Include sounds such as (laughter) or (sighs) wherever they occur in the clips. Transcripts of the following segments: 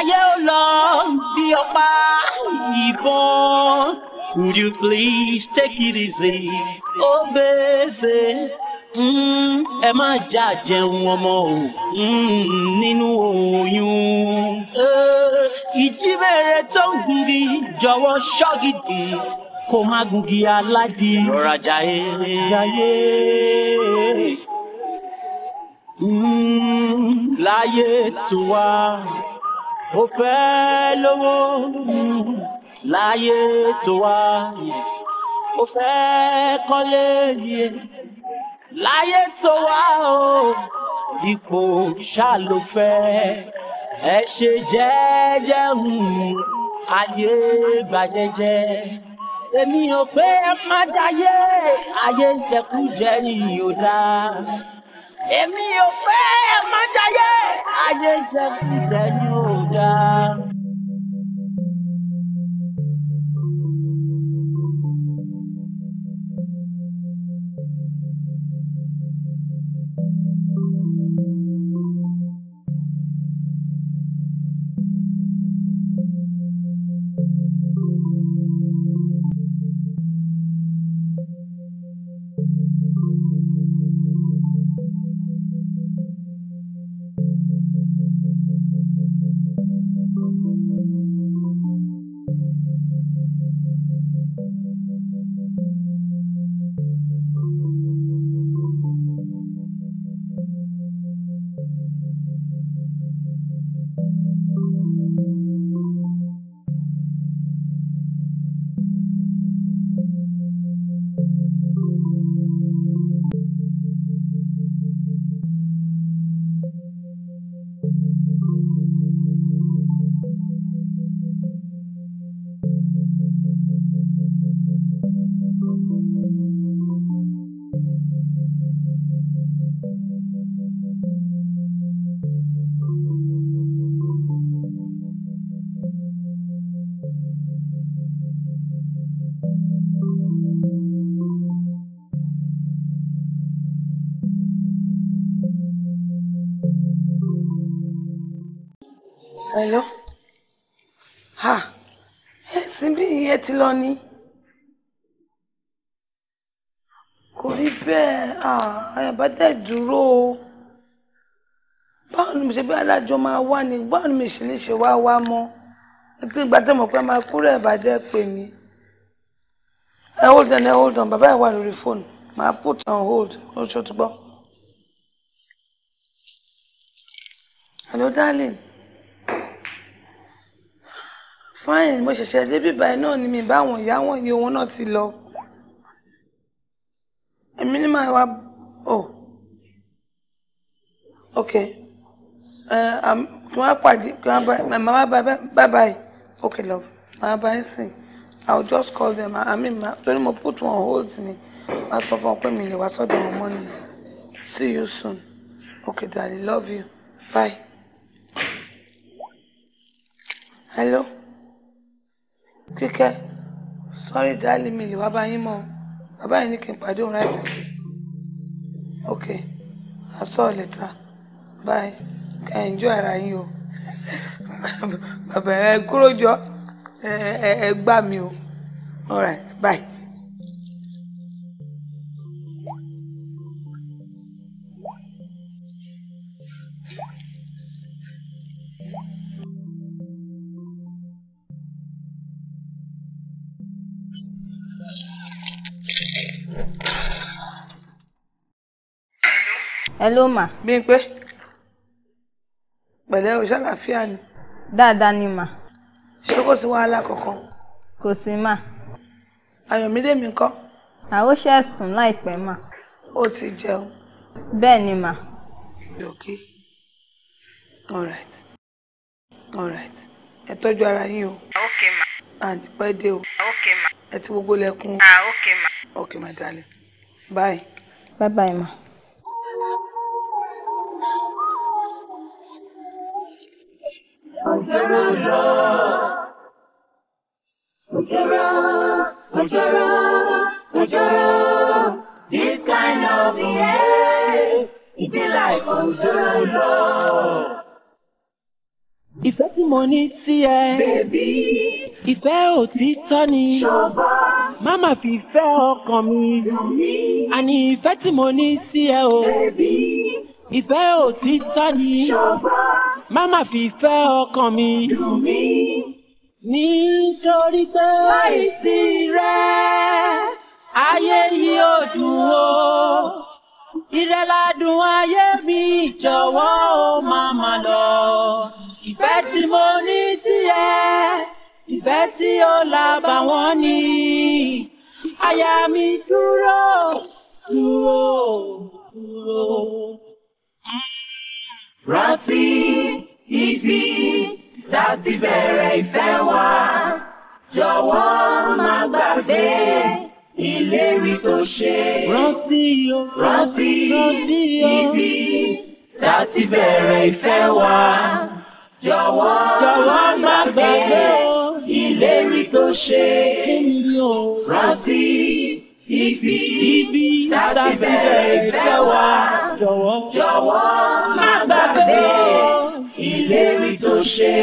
ayé long? Be a ọ̀pá ìbọn. Would you please take it easy? Oh baby, hmm, ẹ má já jẹun ọmọ o hmm, nínú oyún. Ìjíbẹ̀rẹ̀ tó ń gungi jọ̀wọ́ ṣọ́gìdì kó má gungi aládì rọra jayé. Hmm, láyé tó wá mo fẹ́ lówó láyé tó wá yìí mo fẹ́ kọ́lé yìí láyé tó wá o ipò ṣáà ló fẹ́ ẹ ṣe jẹ́jẹ́ ayé gbàjẹ́jẹ́ èmi ò pé ẹ má dáyé ayé jẹkújẹ ni ò dáa èmi ò fẹ́ ẹ má jayé ayé jẹ́ fìdẹ́ ni ò dáa. àbáyọ ẹ síbí ẹ ti lọ ni kò rí bẹ́ẹ̀ àbátẹ̀ dúró o báwo ni mo ṣe bí alájọ máa wá ni báwo ni mo ṣe lè ṣe wá wá mọ́ nítorí ìgbà tẹ́ mọ̀ pé máa kúrò ìbàjẹ́ pè mí ẹ hold on ẹ hold on bàbá ẹ wà lórí fóònù máa put on hold oṣù tó gbọ́. hello darling fine mo ṣẹ̀ṣẹ̀ débí báyìí náà ni mi báwọn ìyá wọn iye wọn náà ti lọ èmi ní màá wá o ok kí wọ́n pàdé kí wọ́n bá màmá bye bye ok love màmá bá ń sìn i will just call them i mean ma torí mo put one hold ni ma sọ fún ọ pé mi lè wá sọ́dọ̀ wọn mọ́ nìyẹn see you soon ok darling love you bye hello kíkẹ́ sorry darling mi lè wá bá yín mọ́ o bàbá yìí ní kí n pàdé òun right away okay I saw you bye kẹ́ ẹ̀ enjoy ara yín o (laughs) bàbá ẹ kúrò jọ ẹ ẹ gbà mí o all right bye. hello ma. Bímpé pẹ̀lẹ́ o ṣàlàfíà ni. dáadáa ni ma. ṣé kò sí wàhálà kankan. kò sí mà. Ayọ̀mídé mi ńkọ́. àwọn ṣe sùn láìpẹ́ ó ti jẹun. bẹ́ẹ̀ ni ma. okay all right all right ẹ tọ́jú ara yín o. okay ma. and pẹ́ dé o. oke ma. ẹ ti gbogbo lẹ́kùn. ah okay ma. Oke ma darling bye. bye bye ma. Ojara, Ojara, Ojara, Ojara. This kind of yeah, it be like Ojara love. Ìfẹ́ tí mo ní sí ẹ. Bébí. Ìfẹ́ òtítọ́ ni. Ṣọba. Mama má fi fẹ́ ọkàn mi àní ìfẹ́ tí mo ní sí ẹ o ìfẹ́ òtítọ́ ni má má fi fẹ́ ọkàn mi nítorí pé láìsí rẹ ayé yìí ò dùn o ìrẹ́ládùn ayé mi jọ̀wọ́ ó má má lọ ìfẹ́ tí mo ní sí ẹ ìfẹ́ tí ó là bá wọn ní àyà mi dúró dúró dúró. rántí ibi tá a ti bẹ̀rẹ̀ ìfẹ́ wa jọ̀wọ́ má gbàgbé ìlérí tó ṣe. rántí o rántí ibi tá a ti bẹ̀rẹ̀ ìfẹ́ wa jọ̀wọ́ jọ̀wọ́ má gbàgbé ìlérí tó ṣe rántí ibi tá ti bẹ̀rẹ̀ ìfẹ́ wa jọ̀wọ́ má gbàgbé ìlérí tó ṣe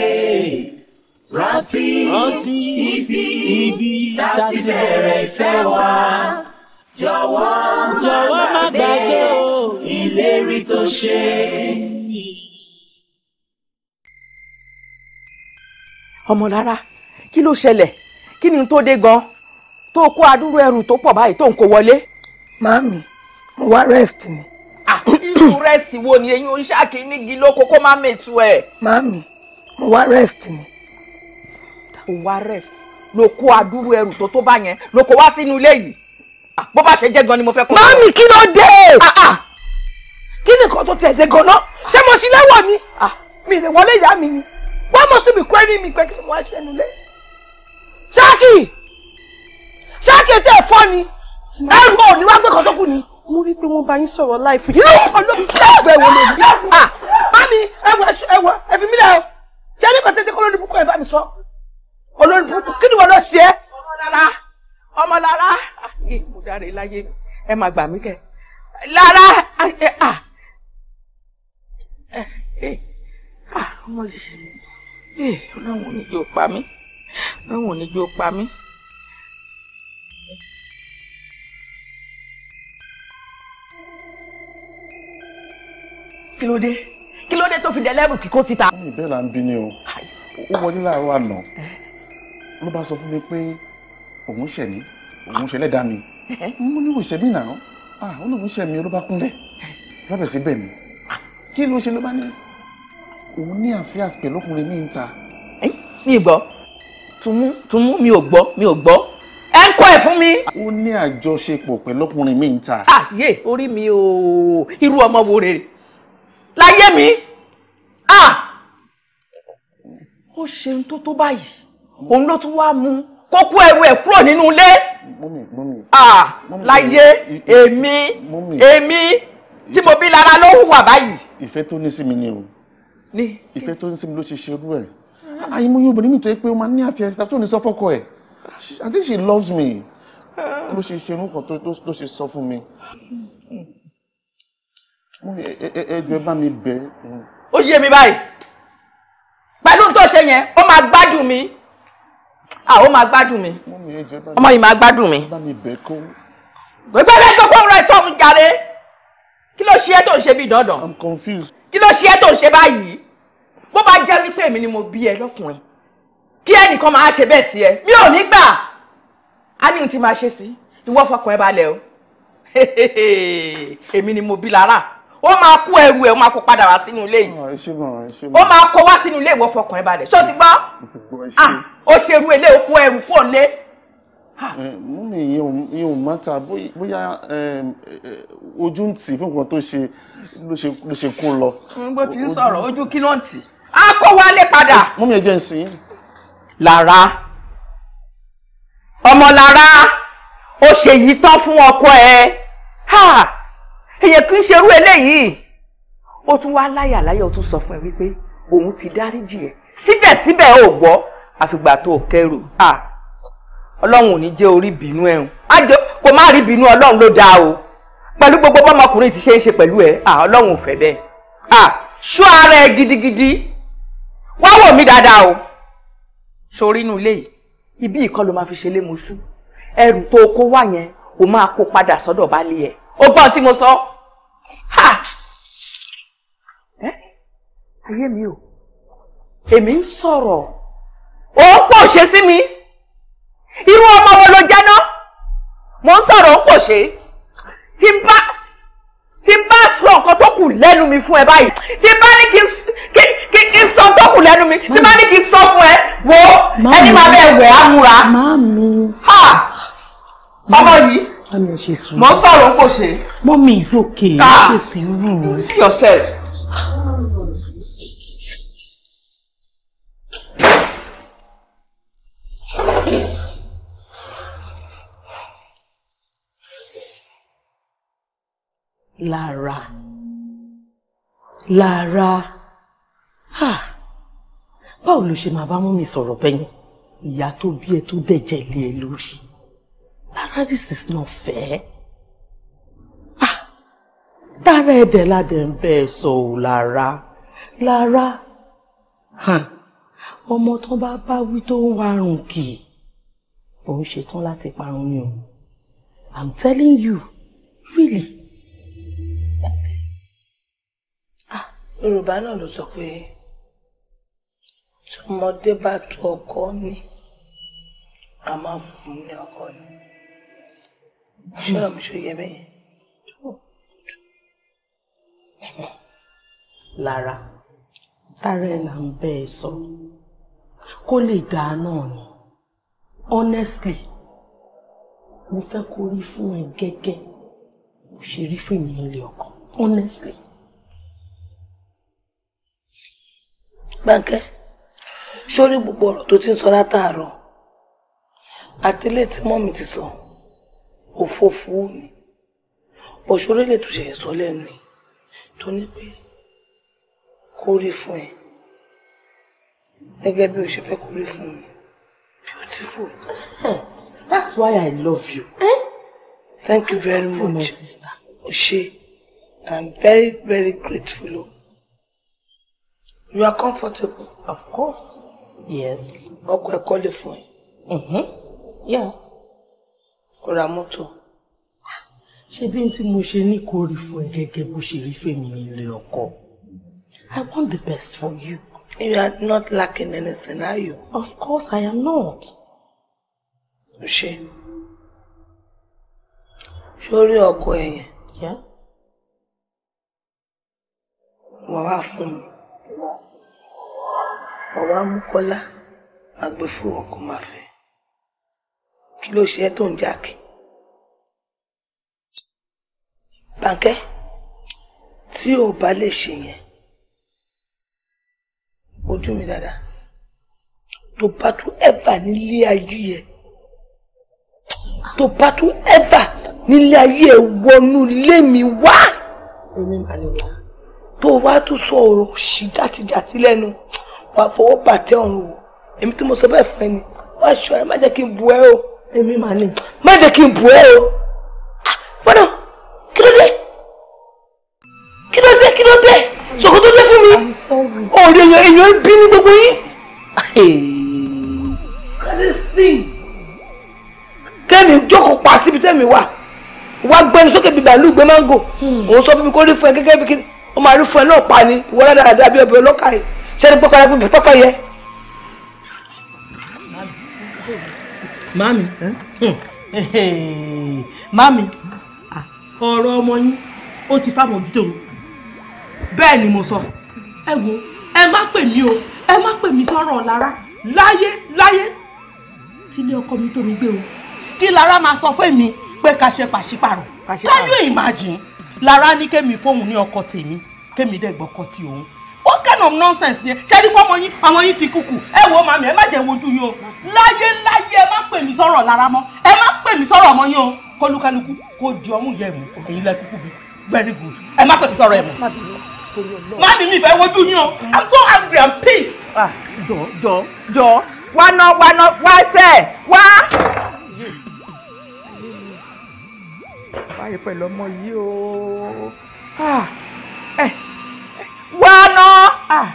rántí ibi tá ti bẹ̀rẹ̀ ìfẹ́ wa jọ̀wọ́ jọ̀wọ́ má gbàgbé ìlérí tó ṣe. ọmọlára kí ló ṣẹlẹ̀ kí ni tó dé gan tó kó adúrú ẹrù tó pọ̀ báyìí tó ń kó wọlé. màámi mo wá rest ni. irú rest wo ni eyín oníṣàkí nígi lóko kó má mètú ẹ. màámi mo wá rest ni. o wá rest ló kó adúrú ẹrù tó tó bá yẹn ló kó wá sínú ilé yìí bó bá ṣe jẹ́ gan ni mo fẹ́ kó. màámi kí ló dé. kí ni nǹkan tó tẹ̀ ṣe gan-an ṣé mo ṣí lẹ́wọ̀n ni mi lè wọlé ìyá mi ni wọ́n mọ̀ sí mi kúrẹ́rì mi pé kí ni wọ́n á ṣẹ́nu lẹ́yìn ṣáàkì ṣáàkì ètò ẹ̀fọ́ ni ẹ̀rù ò ní wá gbé kan tó kù ni. mo rí i pé wọ́n bá yín sọ̀rọ̀ láìfù yìí yóò fọ́ lóbi ṣáàbẹ̀ wò lè bí. mami ẹwọ ẹwọ ẹfi mi lẹ o jẹ ní kọtẹ́tẹ́ kó lórí búkọ̀ ẹ̀ bá mi sọ olórí búkọ̀ kí ni wọ́n lọ ṣe é. ọmọlára ọmọlára mo dáre láyé ẹ máa gbà mí kẹ lára ah. Eh, eh, ah, ọmọ yìí eh, ọlọ́run ò ní jẹ́ òpá mi báwọn ni ní gbé ó pa mí. kí ló dé kí ló dé tó fi dẹlẹ́rù kíkó síta. ìbéèrè à ń bí ni o ó wọlé láàárọ̀ àná ló bá sọ fún mi pé òun ṣẹ̀ mí òun ṣẹlẹ̀ dá mi mo ní ìwòsàn mi náà ah ó lóun ṣẹ̀ mí ló bá kúnlẹ̀ lọ́bẹ̀ sí bẹ̀ mí ah, kí ló ṣe ló bá ní òun ní àfíàsì pẹ̀lú ọkùnrin mi ń ta. mi gbọ́. Túnmú Túnmú mi ò gbọ́ mi ò gbọ́ ẹ ń kọ́ ẹ̀ fún mi. ó ní àjọṣepọ̀ pẹ̀lú ọkùnrin mi ń ta. àyè ah, orí mi ò irú ọmọ wo rèé láyé mi ah! ó ṣeun tó tó báyìí òun ló tún wá mú kókó ẹrù ẹ̀ kúrò nínú ilé ah, láyé èmi èmi tí mo bí lára ló hùwà báyìí. ìfẹ́ tó ní sí mi ni o ìfẹ́ tó ní sí mi ló ṣe ṣerú ẹ̀ àìmọye obìnrin mi tó yẹ pé ó máa ní àfihàn síta tó ní sọ fọ́kọ ẹ̀ I think she loves me ló ṣe ṣe irun kan tó ṣe sọ fún mi ẹjọ ẹ bá mi bẹ. ó yé mi báyìí pẹ̀lú tó ṣe yẹn ó máa gbádùn mi ó máa gbádùn mi ọmọ yìí máa gbádùn mi. gbẹgbẹ lẹjọ kó ń ra ẹ̀tọ́ mi kí ló ṣe é tó ń ṣe bí dandan kí ló ṣe é tó ń ṣe báyìí bó bá jẹ́ wípé èmi ni mo bí ẹ lọ́kùnrin kí ẹnìkan máa ṣe bẹ́ẹ̀ sí ẹ mi ò ní gbà á ní ohun tí máa ṣe sí ìwọ fọkàn ẹ balẹ̀ o (laughs) èmi ni mo bí lára ó máa kó ẹrù ẹ ó máa kó padà wá sínú ilé yìí ó máa kó wá sínú ilé ìwọ fọkàn ẹ balẹ̀ ṣó ti gbọ́ ó ah, ṣerú ilé ó kó ẹrù kó lé mú mi yẹn ò mọ́ta bóyá ojú ń tì fún nǹkan tó ṣe ló ṣe kó lọ. mo ti ń sọ̀rọ̀ ojú kí ló ń tì a kó wálé padà. mú mi ẹjẹ nsìn. lára ọmọ lára ó ṣe yìí tán fún ọkọ ẹ èyàn kì í ṣerú eléyìí ó tún wá láyà láyà ó tún sọ fún ẹ wípé òun ti dáríjì ẹ síbẹ̀síbẹ̀ ò gbọ́ àfìgbà tó o kẹrù ọlọ́run ò ní jẹ́ orí bínú ẹ̀hún kò má rí bínú ọlọ́run ló dáa o pẹ̀lú gbogbo bọ́mọkùnrin ti ṣe é ṣe pẹ̀lú ẹ ọlọ́run ò fẹ́ bẹ́ẹ̀ ṣọ́ ara ẹ gidigidi wá wò mí dáadáa o sórí inú ilé yìí ibi ìkan ló máa fi ṣe lémoṣú ẹrù tó kó wá yẹn o máa kó padà sọ́dọ̀ baálé ẹ̀ o gbọ́n tí mo sọ ha ẹ ayé mi o èmi ń sọ̀rọ̀ ó ń pò ṣe sí mi irú ọmọ wo ló jẹ́ náà mo ń sọ̀rọ̀ ó ń pò ṣe tí n bá tí n bá sọ nǹkan tó kù lẹ́nu mi fún ẹ báyìí tí n bá ní kí n sọ sọ tọ́kù lẹ́nu mi tí má ní kí sọ fún ẹ wo ẹni máa bẹ́ẹ̀ wẹ̀ á múra. Ọmọ yìí. Mo sọ̀rọ̀ fò ṣe. Mọ́mí is okay. Ah, ṣe sùúrù. See yourself. Lára. Lára báwo ló ṣe máa bá mú mi sọ̀rọ̀ bẹ́yìn ìyá tó bí ẹ tó dẹ̀jẹ̀ lé ẹ e lórí lára this is not fair dára ẹ̀dẹ̀ ládẹ̀ ń bẹ́ ẹ sọ ò lára lára ọmọ tó bá bá wí tó ń warùn kì òun ṣetán láti parun ni o i'm telling you really. Ah, yorùbá náà ló sọ pé tọmọdé bá tó ọkọ ní a máa fún ní ọkọ ní ṣọ́rọ̀ mi yẹ bẹ́yẹn. lára tára ẹ̀ là ń bẹ́ ẹ sọ kó lè dáa náà ni honestly mo fẹ́ kó rí fún ẹ gẹ́gẹ́ bó ṣe rí fún mi nílé ọkọ honestly. Bánkẹ́ sórí gbogbo ọ̀rọ̀ tó ti ń sọ látàárọ̀ àtẹlẹ tí mọ́mì ti sọ òfófó ni ọ̀ṣọ́rẹ́ lè túnṣe ẹ̀sọ́ lẹ́nu yìí tó ní pé kó rí fún ẹ gẹ́gẹ́ bí o ṣe fẹ́ kó rí fún mi beautiful. that's why i love you. Eh? thank you very much o ṣé i'm very very grateful o you are comfortable. of course. Yes. Ọkọ ẹ̀ kọ́lé fún ẹ. Mm-hmm. Yeah. Ó ra mọ́tò. Ṣé bí n tí mo ṣe ní kó rí fún ẹ gẹ́gẹ́ bó ṣe rí fèmí ní ọkọ? I want the best for you. You are not lacking anything, are you? Of course I am not. Ṣé? Ṣorí ọkọ ẹ̀ yẹn? Yeah. Wọ́n wá fún mi ọ̀wá mú kọ́lá máa gbé fún ọkọ̀ máa fẹ́ kí ló ṣe ẹ́ tó ń jáàkì. bànkẹ́ tí ò bá lè ṣe yẹn ojú mi dada. tó bá tún ẹ̀fà nílé ayé yẹn tó bá tún ẹ̀fà nílé ayé wọnú ilé mi wá èmi màlẹ́ wá tó wá tún sọ ọ̀rọ̀ sí jàtijàti lẹ́nu. No wà á fọwọ́ bàtẹ́ ọ̀run wò èmi tí mo sọ bẹ́ẹ̀ fún ẹ ni wà á ṣọ ẹ má jẹ́ kí n bu ẹ o èmi mà ní má jẹ́ kí n bu ẹ o gbọ́dọ̀ kí ló dé kí ló dé kí ló dé sọ̀kò tó dé fún mi òòlù èèyàn èèyàn ń bí ní gbogbo yín. kàdésìtìn kẹ́mi jókòó pa síbi tẹ́mi wà wá gbẹ́ni sókè bíbá lùgbẹ́ máńgò hmm. òun sọ fún mi kó rí fún ẹ gẹ́gẹ́ bí kí ó máa ẹ náà pa ni ìwọ dáadáa bí ọbẹ̀ ọlọ́kà yìí ṣé pọ́kọ́ yẹ pọ́kọ́ yẹ. mami hmm. mami ah. ọ̀rọ̀ ọmọ yín ó ti fáwọn ojútò bẹ́ẹ̀ ni mo sọ ẹ wo ẹ má pè mí o ẹ má pè mí sọ̀rọ̀ lára láyé láyé tílé ọkọ mi tó mi gbé o kí lára máa sọ fún mi pé ká ṣe pàṣípàrọ̀ can you imagine lára ní kémi fóun ní ọkọ tèmi kémi dẹ̀ gbọ́kọ ti òun what kind of nonsense ni ṣé ní kó ọmọ yín ọmọ yín ti kúkú ẹ wo màmí ẹ má jẹ́ wojú yín o láyé láyé ẹ má pè mí sọ̀rọ̀ lára mọ́ ẹ má pè mí sọ̀rọ̀ ọmọ yín o kólúkálukú kó di ọmú yẹ mú ẹ̀yin lẹ kúkú bí very good ẹ má pè mí sọ̀rọ̀ ẹ mọ́. màmí mi fẹ́ wojú yín o i'm so angry i'm pissed. jọ jọ jọ wá ná wá ná wá sẹ wá. báyìí pẹ̀lú ọmọ yìí o wá ná. Ah,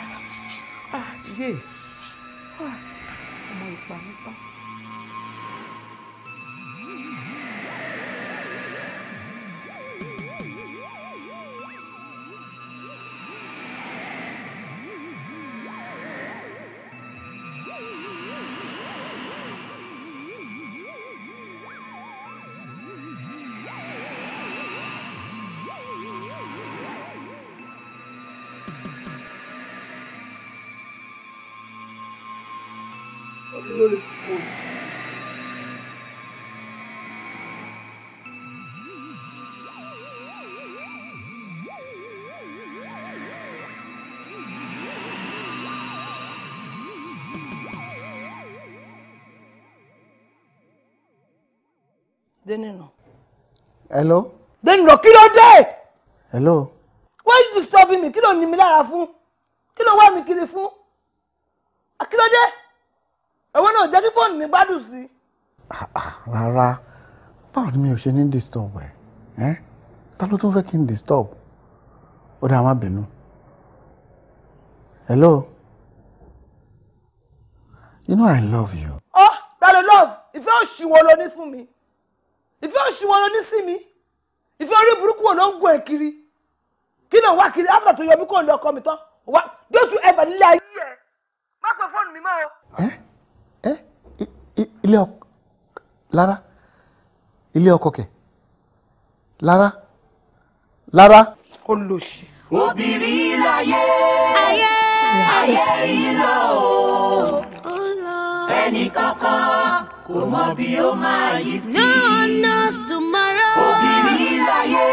ah, hello. Then kí ló dé. hello. why you disturbing me kí ló ní mi lára fún kí ló wá mi kiri fún kí ló dé ẹ̀wọ́ náà jẹ́ kí fóònù mi gbádùn sí i. Ah, ah, rárá báwo ni mi ò ṣe ní disturb ẹ ta ló tún fẹ́ kí n disturb ó dáa má bínú. hello. you know i love you. Oh, ta ló love ìfẹ́ òṣìwọ́ ló ní fún mi ìfẹ́ òṣì wọn ló ní sí mi ìfẹ́ orí burúkú wọn ló ń gun ẹ̀ kiri kí ló ń wá kiri after tó yọ mí kó ń lọ ọkọ mi tán wá dótú ẹ̀bẹ̀ nílé ayé ẹ̀ má pe fóònù mi mọ́ o. ẹ ẹ ilé ọkọ lára ilé ọkọ kẹ lára lára. ó lò sí. obìnrin láyé ayé ayé ìlọ ẹnì kankan kò mọ bí ó máa yí sí. no one knows tomorrow. obìnrin láyé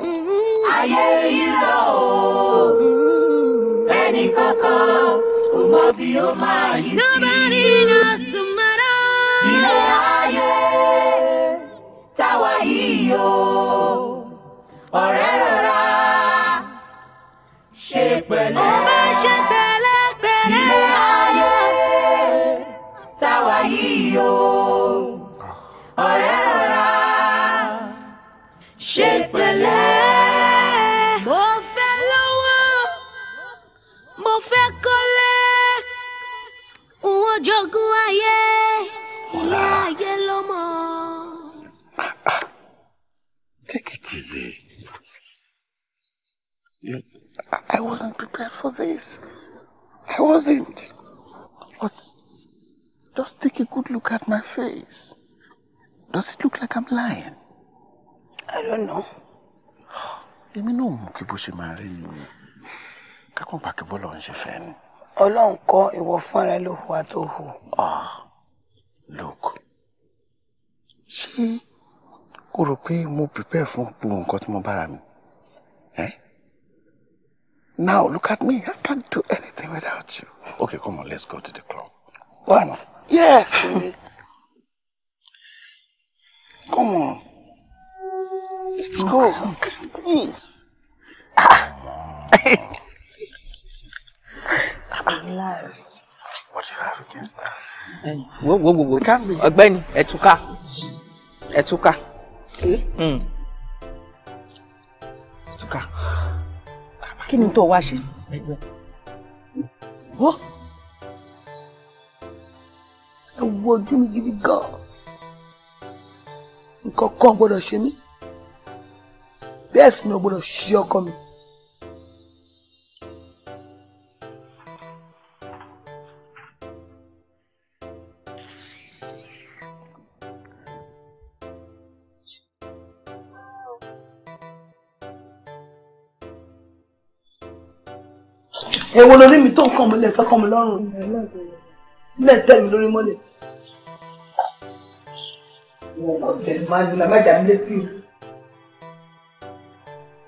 mm-hmm. ayé ìlọ o mm-hmm. ẹnì kankan kò mọ bí ó máa yí sí. nobody knows tomorrow. ilé ayé táwa yìí o ọ̀rẹ́ rọra ṣe pẹ̀lẹ́. o ọ̀rẹ́ rọra ṣe pẹ̀lẹ́. mo fẹ́ lówó mo fẹ́ kọ́lé òun jogún ayé ilé ayé lọ́mọ. Take it easy. You, I wasn't prepared for this. I wasn't. What's Just take a good look at my face. Does it look like I'm lying? I don't know. Èmi náà mú kí bó ṣe máa rí mi. Kákan bá kí bọ́lọ̀ ń ṣe fẹ́ ni. Ọlọ́run kọ́ ìwọ fúnra ló hùwà tó hù. Ah, look. Ṣé o rò pé mo prepare fún gbogbo nǹkan tí mo bára mi? Eh? Now look at me. I can't do anything without you. Okay, come on, let's go to the club. What? Come on. Yes. Come on. Let's go. Please. Alive. What do you have against that? Hey, whoa, whoa, whoa. It can't be. Ọ̀gbẹ́ni, ẹ túká. Ẹ eh? Hmm. Ẹ túká. Kí ni tó Oh ẹ wo ojú mi gidi gan nǹkan kan gbọ́dọ̀ ṣe mí bẹ́ẹ̀ sì ni o gbọ́dọ̀ ṣí ọkọ mi. èwo lórí mi tó ń kàn mí lè fẹ́ kàn mí lọ́rùn lẹ́ tẹ̀ mí lórí mọ́lẹ̀. Wọ́n máa jẹ máa jẹ máa jà mí létí o.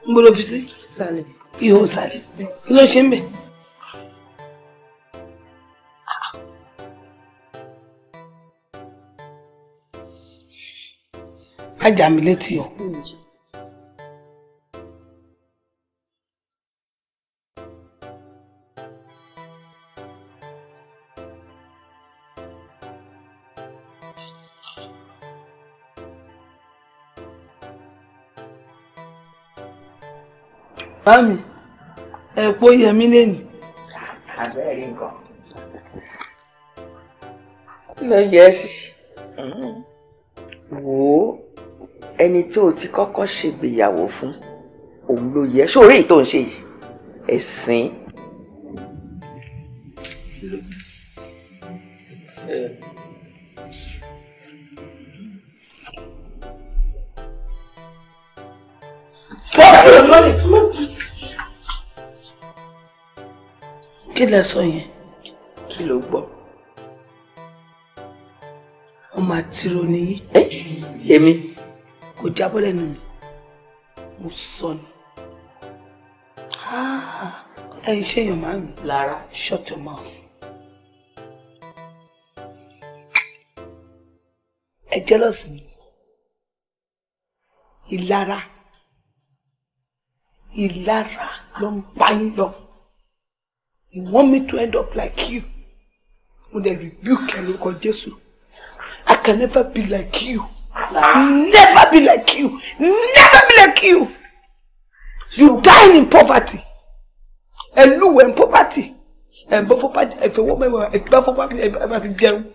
N bolo fi sí. Sàlẹ̀. Ihò sàlẹ̀. Kí ló ṣe ń bẹ̀? Má jà mí létí o. Bámi, ẹ̀pọ̀ yẹmí lẹ́nu. Àbẹ́rẹ́ rí nǹkan. Kí ló yẹ ẹ́ sí? Wò ó, ẹni tó o ti kọ́kọ́ ṣègbéyàwó fún, òun ló yẹ. Ṣé orí èyí tó ń ṣe yìí? Ẹ̀sìn lẹ sọ yẹn. kí ló gbọ́. ọmọ àtirò nìyí. ẹ èmi. kò jábọ́ lẹ́nu mi mo sọ ni. ẹ ń ṣèyàn máa mi. Lara shut your mouth. ẹ jealous mi ìlara ìlara ló ń bá yín lọ. You want me to end up like you? When I rebuke you, look at Jesus. I can never be like you. Never be like you. Never be like you. You dying in poverty. And you in poverty. And before if a woman were before poverty, I have been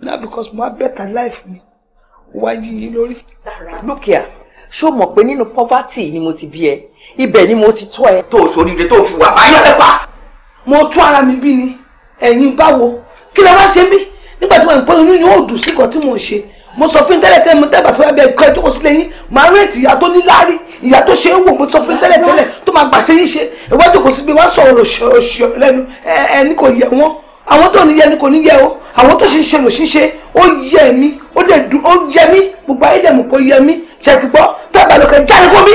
Now because my better life me. Why you know? Look here. Show mọ̀ pé nínú poverty ni mo ti bí ẹ ibẹ̀ ni mo ti tọ́ ẹ. tó o ṣoríire tó mo tú ara mi bí ni ẹ̀yin báwo kí lè wá ṣe bí nígbà tí wọ́n ń pọ́ inú yín dùn sí nǹkan tí mò ṣe mo sọ fún tẹ́lẹ̀ tẹ́lẹ̀ mo tẹ́bà fún abẹ́ ẹ̀kọ́ ìjókòó sílẹ̀ yín màá rẹ̀tì ìyá tó ní láárí ìyá tó ṣe é wò mo sọ fún tẹ́lẹ̀ tẹ́lẹ̀ tó máa gbàṣẹ́ yín ṣe ìwádìí kò sí bí wọ́n sọ ọ̀rọ̀ ṣọ̀ṣọ̀ lẹ́nu ẹni kò yẹ wọ́n àwọn tó ní yẹ ni kò ní yẹ o àwọn tó ṣe ń ṣe lò ṣe ń ṣe ó yẹ mí ó dẹ̀ dùn ó yẹ mí gbogbo ayé dẹ̀ mọ̀ pé ó yẹ mí ṣètìgbọ́ tábàlùkẹ́ jáde kó bí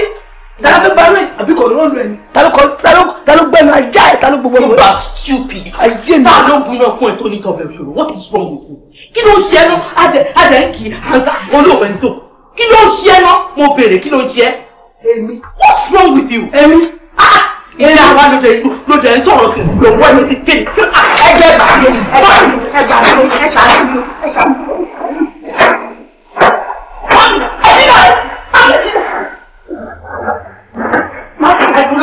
tàló fẹ́ balùwẹ̀ àbí kọ̀ọ̀lọ́ọ̀lù ẹni. tàló tàló tàló gbẹnu ajá ẹ tàló gbogbo. you are stupid. ayé mi. táà ló gbiná fún ẹ tó ní tọbẹ òṣèlú what is wrong with you. kí ló ń ṣe ẹnu adẹ adẹ ń kì í hansa olóògbé ní tòkù kí ló ń ṣe ẹnu mo béèrè kí ló ń ṣe. èmi. what's wrong with you. èmi. Ah! ilé àwa ló dé ló dé ń tọrọ kì ló wọ ẹni sí kéde. ẹ jẹ́ bàálù ẹ bàálù ẹ bàálù ẹ ṣàlùkù ẹ ṣàlùkù.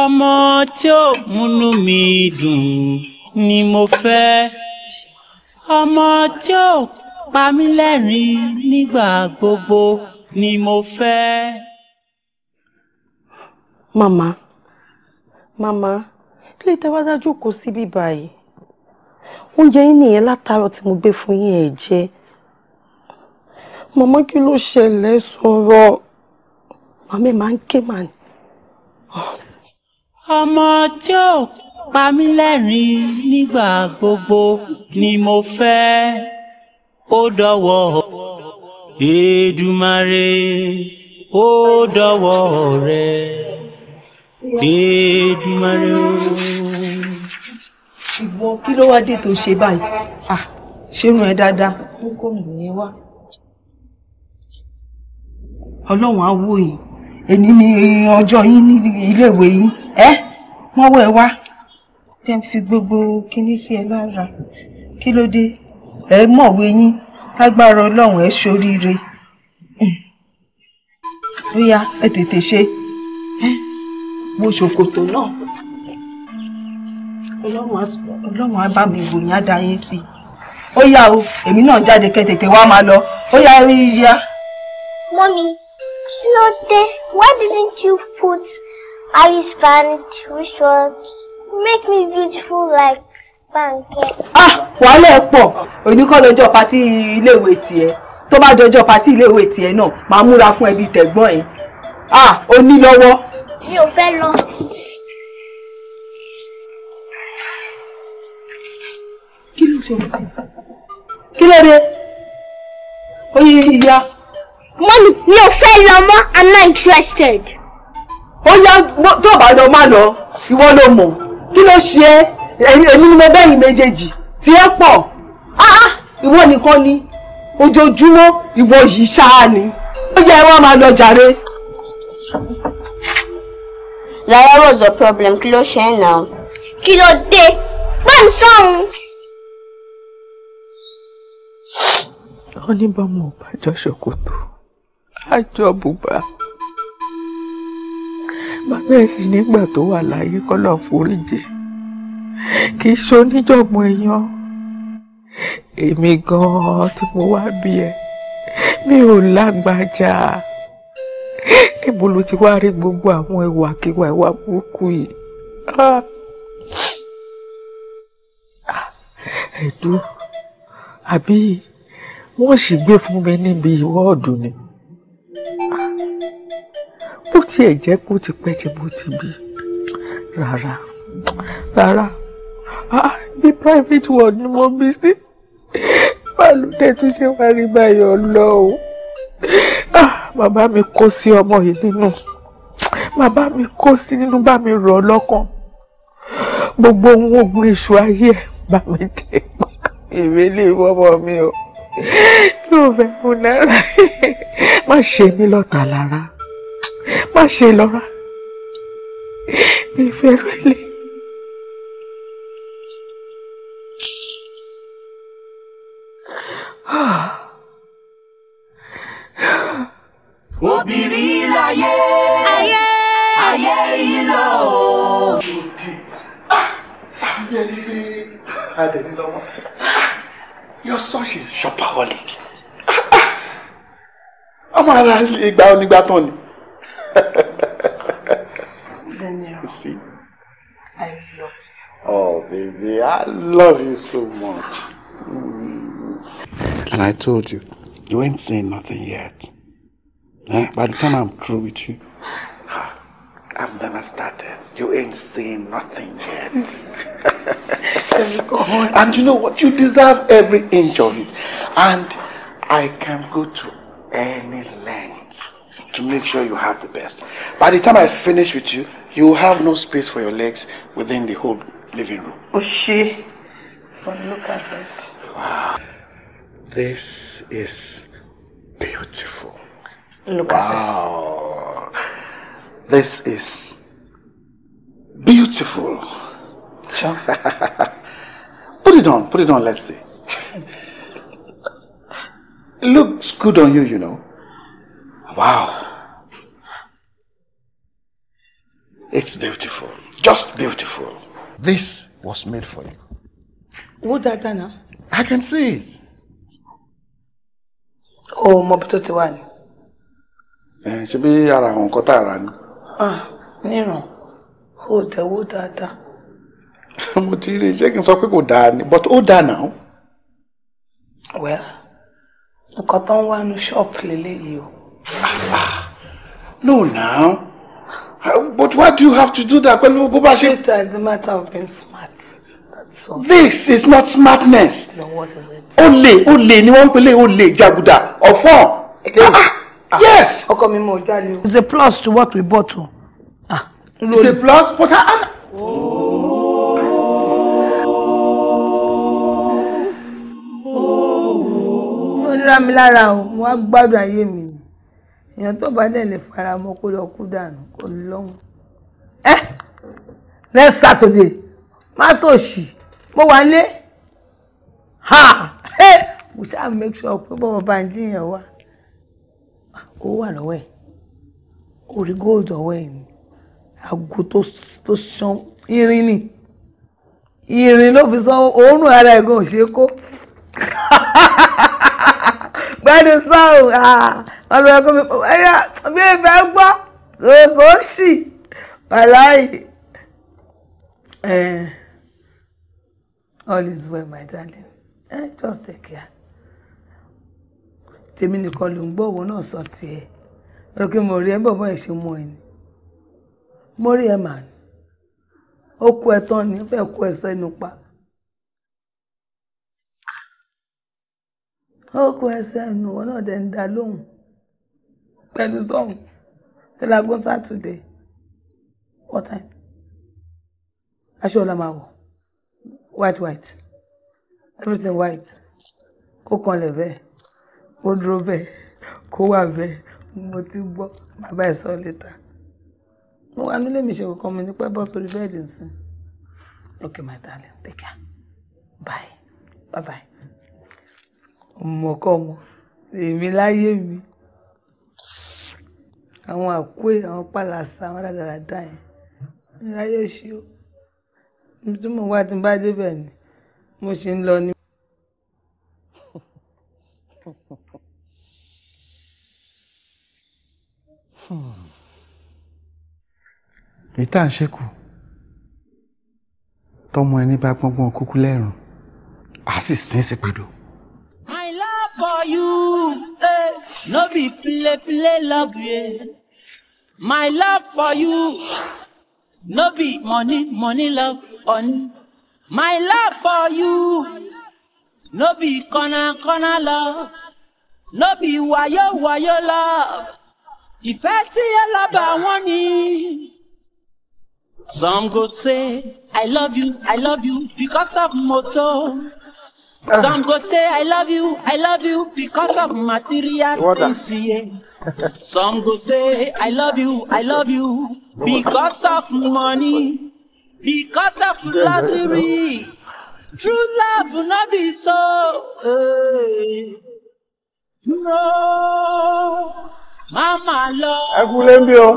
ọmọ tí ó múnú mi dùn ni mo fẹ́ ọmọ tí ó pa mí lẹ́rìn nígbà gbogbo ni mo fẹ́. màmá màmá kí lè tẹ́wá dájú kó síbí báyìí oúnjẹ yín nìyẹn látàárọ̀ tí mo gbé fún yín ẹ̀ jẹ màmá kí ló ṣẹlẹ̀ sọ̀rọ̀ màmá máa ń ké màá ní ọmọ tí ó pa mí lẹ́rìn nígbà gbogbo ni mo fẹ́ ó dọ̀wọ́ Èdùmàrè ó dọ̀wọ́ rẹ Èdùmàrè ó. ṣùgbọ́n kí ló wá dé tó ṣe báyìí ṣerun ẹ dáadáa ó kò yẹn wá ọlọ́run á wò yìí èní ni ọjọ́ yín ní iléèwé yín ẹ wọ́n wẹ̀ wá tẹ́ ń fi gbogbo kinní sí ẹ lára kí ló dé ẹ mọ̀wé yín lágbára ọlọ́run ẹ ṣoríire hmm. ó yá ẹ tètè ṣe wo ṣòkòtò náà ọlọ́run á bá mi wò yín á dá yín sí ó yá o èmi náà jáde kẹ́ tètè wá máa lọ ó yá ó yá. mọ́mi. Kí ló Why didn't you put Alice band which would make me beautiful like Banke? Ah, wàhálà pọ̀. Òní you call, patí party, tiẹ̀. wait here. dọjọ́ patí party, tiẹ̀ wait here. No, fún ẹbí tẹ̀gbọ́n ẹ̀. Ah, o ní lọ́wọ́. Mi ò fẹ́ lọ. Kí ló ṣe wọ́n? Kí ló dé? mọ́mí mi ò fẹ́ lọ mọ́ i'm not interested. ó yá tó o bá lọ má lọ ìwọ ló mọ̀ kí ló ṣe é èmi ni mo bẹ́yìn méjèèjì tí ẹ pọ̀ ah, ah, ìwọ nìkan ni ojoojúmọ́ ìwọ yìí ṣáá ni ó yẹ ẹ wá máa lọ jàre. Lára was the problem kí ló ṣe é náà. Kí ló dé? Pẹ́ẹ́n sọ́hun. Ó ní bá mo ò bá ṣòkòtò àjọ bùbá bàbá ẹ̀ sì nígbà tó wà láyé kọ́lá foríjì kì í ṣoníjọ̀gbọ̀n èèyàn èmi gan-an tí mo wá bí ẹ mi ò lágbájá níbo ló ti wá rí gbogbo àwọn ìwàkiwà ìwà burúkú yìí ah! Ah! ẹ̀dùn àbí wọ́n sì gbé fún mi níbi ìwọ́ọ̀dù ni bó tiẹ̀ jẹ́ kó ti pẹ́ tí mo ti bí rárá rárá bí ah, private ward ni mo bí sí báàlù tẹ tún ṣe wá rí báyọ̀ lọ o ah, bàbá mi kó sí ọmọ yìí nínú bàbá mi kó sí nínú bá mi rọ̀ lọ́kàn gbogbo ohun ogun èṣù ayé ẹ̀ bá mi dé pa èmi lè fọmọ mi o yóò fẹ́ fún náírà má ṣe mí lọ́tà lára má ṣe lọ́ra ìfẹ́ rẹ̀ lè. obìnrin láyé ayé ayé ìlò. àbí ẹni pé adẹ̀ni lọ́wọ́ your son is shopaholic ah, ah. ọmọ ara ìgbà onígbà tán ni. then (laughs) you, you see, I love you. Oh, baby, I love you so much. Mm. And I told you, you ain't saying nothing yet. Eh? By the time I'm through with you, I've never started. You ain't saying nothing yet. (laughs) and you know what? You deserve every inch of it. And I can go to any length to make sure you have the best. By the time I finish with you, you will have no space for your legs within the whole living room. Oh, she. But look at this. Wow. This is beautiful. Look wow. at this. Wow, This is beautiful. Sure. (laughs) put it on, put it on, let's see. (laughs) Looks good on you, you know. Wow. It's beautiful. Just beautiful. This was made for you. Wo dáadáa náà? I can see it. Oh, mọ bí tó She be ní. Ṣé bí ara àwọn nǹkan tá a rà ni? Níran, o dẹ̀wó dáadáa. (laughs) but ó dáa náà. Well, the cotton one wá nu ṣọ́ọ̀pù lélẹ́yìí no now uh, but why do you have to do that pẹ̀lú bó bá Peter it's a matter of being smart. That's all. this is not smartness. no what is it. olè olè ni wọ́n ń pèlè olè jàgùdà ọ̀fọ́n. Ah, ah. yes. ọkọ mi mọ ọjà ni it's a plus to what we bought o. ah it's a plus but ah. Oh. ń rá mi lára o mo wá gbádùn ayé mi èèyàn tó bá dẹ̀ lè fara mọ́ kó lọ kú dànù kó ní lọ́hùn. ẹ next saturday má sòṣì mo wà lé ha ẹ mo ṣáà make sure pé bọ́bọ̀ bá ń jiyàn wá ó wà lọ́wọ́ ẹ̀ orí gold ọwọ́ ẹ̀ ni aago tó san irin ni irin ló fi san òórùn ara ẹ̀ gan ò ṣe kó (laughs) gbẹ́ni sáà. wọ́n sọ pé ẹ̀yà mi ò fẹ́ gbọ́ kò sóṣì wàláyé. Eh, all is well my darling eh, just take care. tèmi nìkan ló ń gbọ́ òun náà sọ tiẹ̀ lọ kí mo rí ẹ bọ̀bọ̀ ẹ̀ ṣe mọ ẹ ni mo rí ẹ màá ni ó kú ẹ tán ni ó fẹ́ kú ẹ sẹ́nu pa. ó kú ẹ sẹ́nu wọn náà dẹ̀ ń lóhùn. pẹ̀lú sọ́hùn tí la gún sátúdé what time aṣọ ọ̀la máa wọ̀ white white everything white kó kanlẹ̀ bẹ́ẹ̀ kó dúró bẹ́ẹ̀ kó wà bẹ́ẹ̀ mo ti gbọ́ bàbá ẹ̀ sọ létà mo wà nílé mi ṣe kọ́kọ́ mi ní bọ́ sórí bẹ́ẹ̀dì nsìn okay my darling take care bye bye bye ọmọ kọ́ ọmọ èmi láyé mi. Àwọn àkúè, àwọn pálásà, àwọn rádaràda yẹn. Ní ráyè o. Ibi tí mò wá tí bá dé ni, mo sì ń lọ ni. Èyí ń ṣẹ́kù, tọmọ ẹni bá gbọ́ngbọ́n kúkú lẹ́rùn, a sì sín sí pàdó. My love for you no be play play love yeah. My love for you no be money money love on. My love for you no be corner corner love. No be wayo wayo love. Ìfẹ́ tí alábà wọn ni. Some go say I love you I love you because of moto. Ah. Some go say I love you, I love you because of material things. Some go say I love you, I love you because of money, because of luxury. True love will not be so. Hey. Eh, no, mama love. Ẹ kú lé ń bí o.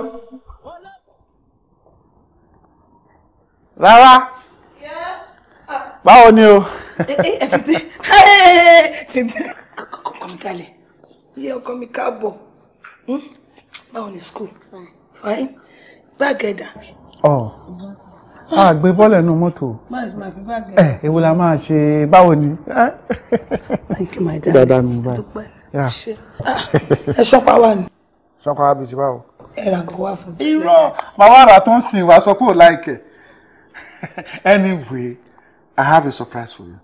Báwo ni o? ọkọ mi kalẹ̀ iye ọkọ mi káàbọ̀ báwo ni school fine báàgì ẹ̀dà. ọ a gbé bọ́ọ̀lù ẹnu mọ́tò ẹ ewu eh, la máa ṣe báwo ni. Eh. thank you my darling dada mi báyìí. ẹ ah, ṣọpá wa ni. ṣọpá wa bìí ti báwo. ẹ ra nǹkan wá fún mi. irọ́ màá wá ra tó ń sìn wá sọ pé ò láìkẹ̀ (laughs) anyway i have a surprise for you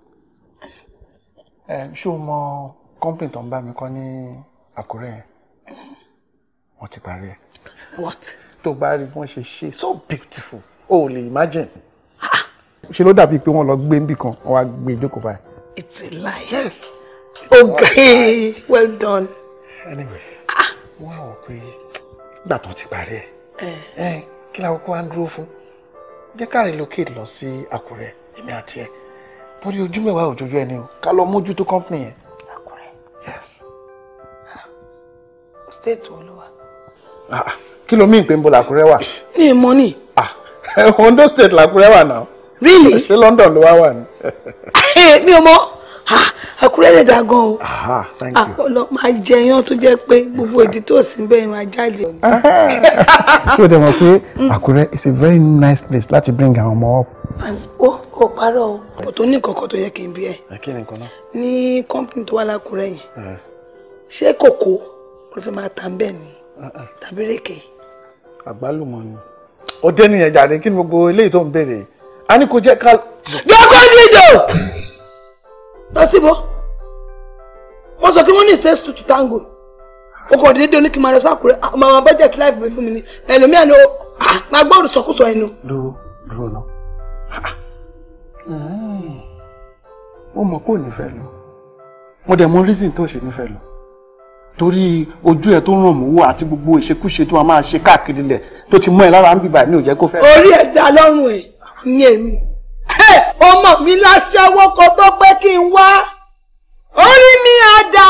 ṣé o mọ company tó ń bá mi kọ́ ní Àkúrẹ́ yẹn wọ́n ti parí ẹ̀. what. tó bá rí bí wọ́n ṣe ṣe so beautiful o ò lè imagine. ṣe ló dàbíi pé wọ́n lọ gbé níbì kan wọ́n á gbé ìjókòó e báyìí. it's a lie. yes. okay well done. anyway wọ́n á wọ̀ pé nígbà tó ti parí ẹ̀ eh. Eh, kí làwọn kó wá ń dúró fún jẹ́ ká relocate lọ sí Àkúrẹ́ èmi àti ẹ̀ torí ojú mẹ́wàá òjòjú ẹni o ká lọ mójú tó company yẹn. Àkúrẹ́. yes. state wo ló wà. Ah, ah. kí ló mean pé ń bọ̀ làkúrẹ́ wà. ní èèmọ ni. Ah, (laughs) Ondo state làkúrẹ́ wà náà. really. ṣé London ló wá wà ní. (laughs) mi ò mọ̀ àkúrẹ́ lè dá gan o àpọlọ máa jẹ iyán tó jẹ́ pé gbogbo ìdí tó sì ń bẹ́ẹ̀ máa jáde. tó dẹ̀ mọ̀ pé àkúrẹ́ is a very nice place láti bring àwọn ọmọ up. ó ó parọ́ o kò tó ní nǹkan kan tó yẹ kí n bí ẹ ní kọ́ńpìnì tó wà lákúrẹ́ yẹn ṣé kòkó ló fẹ́ máa tà ń ni tàbí rèké. àgbálùmọ̀ ni ó dé nìyẹn jáde kí ni gbogbo eléyìí tó ń béèrè a ní kò jẹ́ ká. jọ́kọ́ dídò lọ síbò wọ́n sọ kí wọ́n ní ìsẹ́sì tutù tango o kò déédéé ní kí n máa lọ sákùrẹ́ màmá ah, budget life mi fún mi ni ẹlòmíà ni ó ah, máa gbọ́ òrùsọkúsọ ẹnu. dúró dúró náà ó mọ̀ pé ò ní fẹ́ lọ mo dẹ̀ mọ reason tó ṣe nífẹ̀ẹ́ lọ torí ojú ẹ tó ràn mọ́wọ́ àti gbogbo ìṣekúṣe tó a máa ṣe káàkiri lẹ̀ tó ti mọ́ ẹ lára ń bíbà mi ò jẹ́ kó fẹ́. orí ẹ̀ dá lọ́rùn ẹ̀ ní èmi pé ọmọ mi láṣẹ́wó kan tó pé kí n wá orí mi á da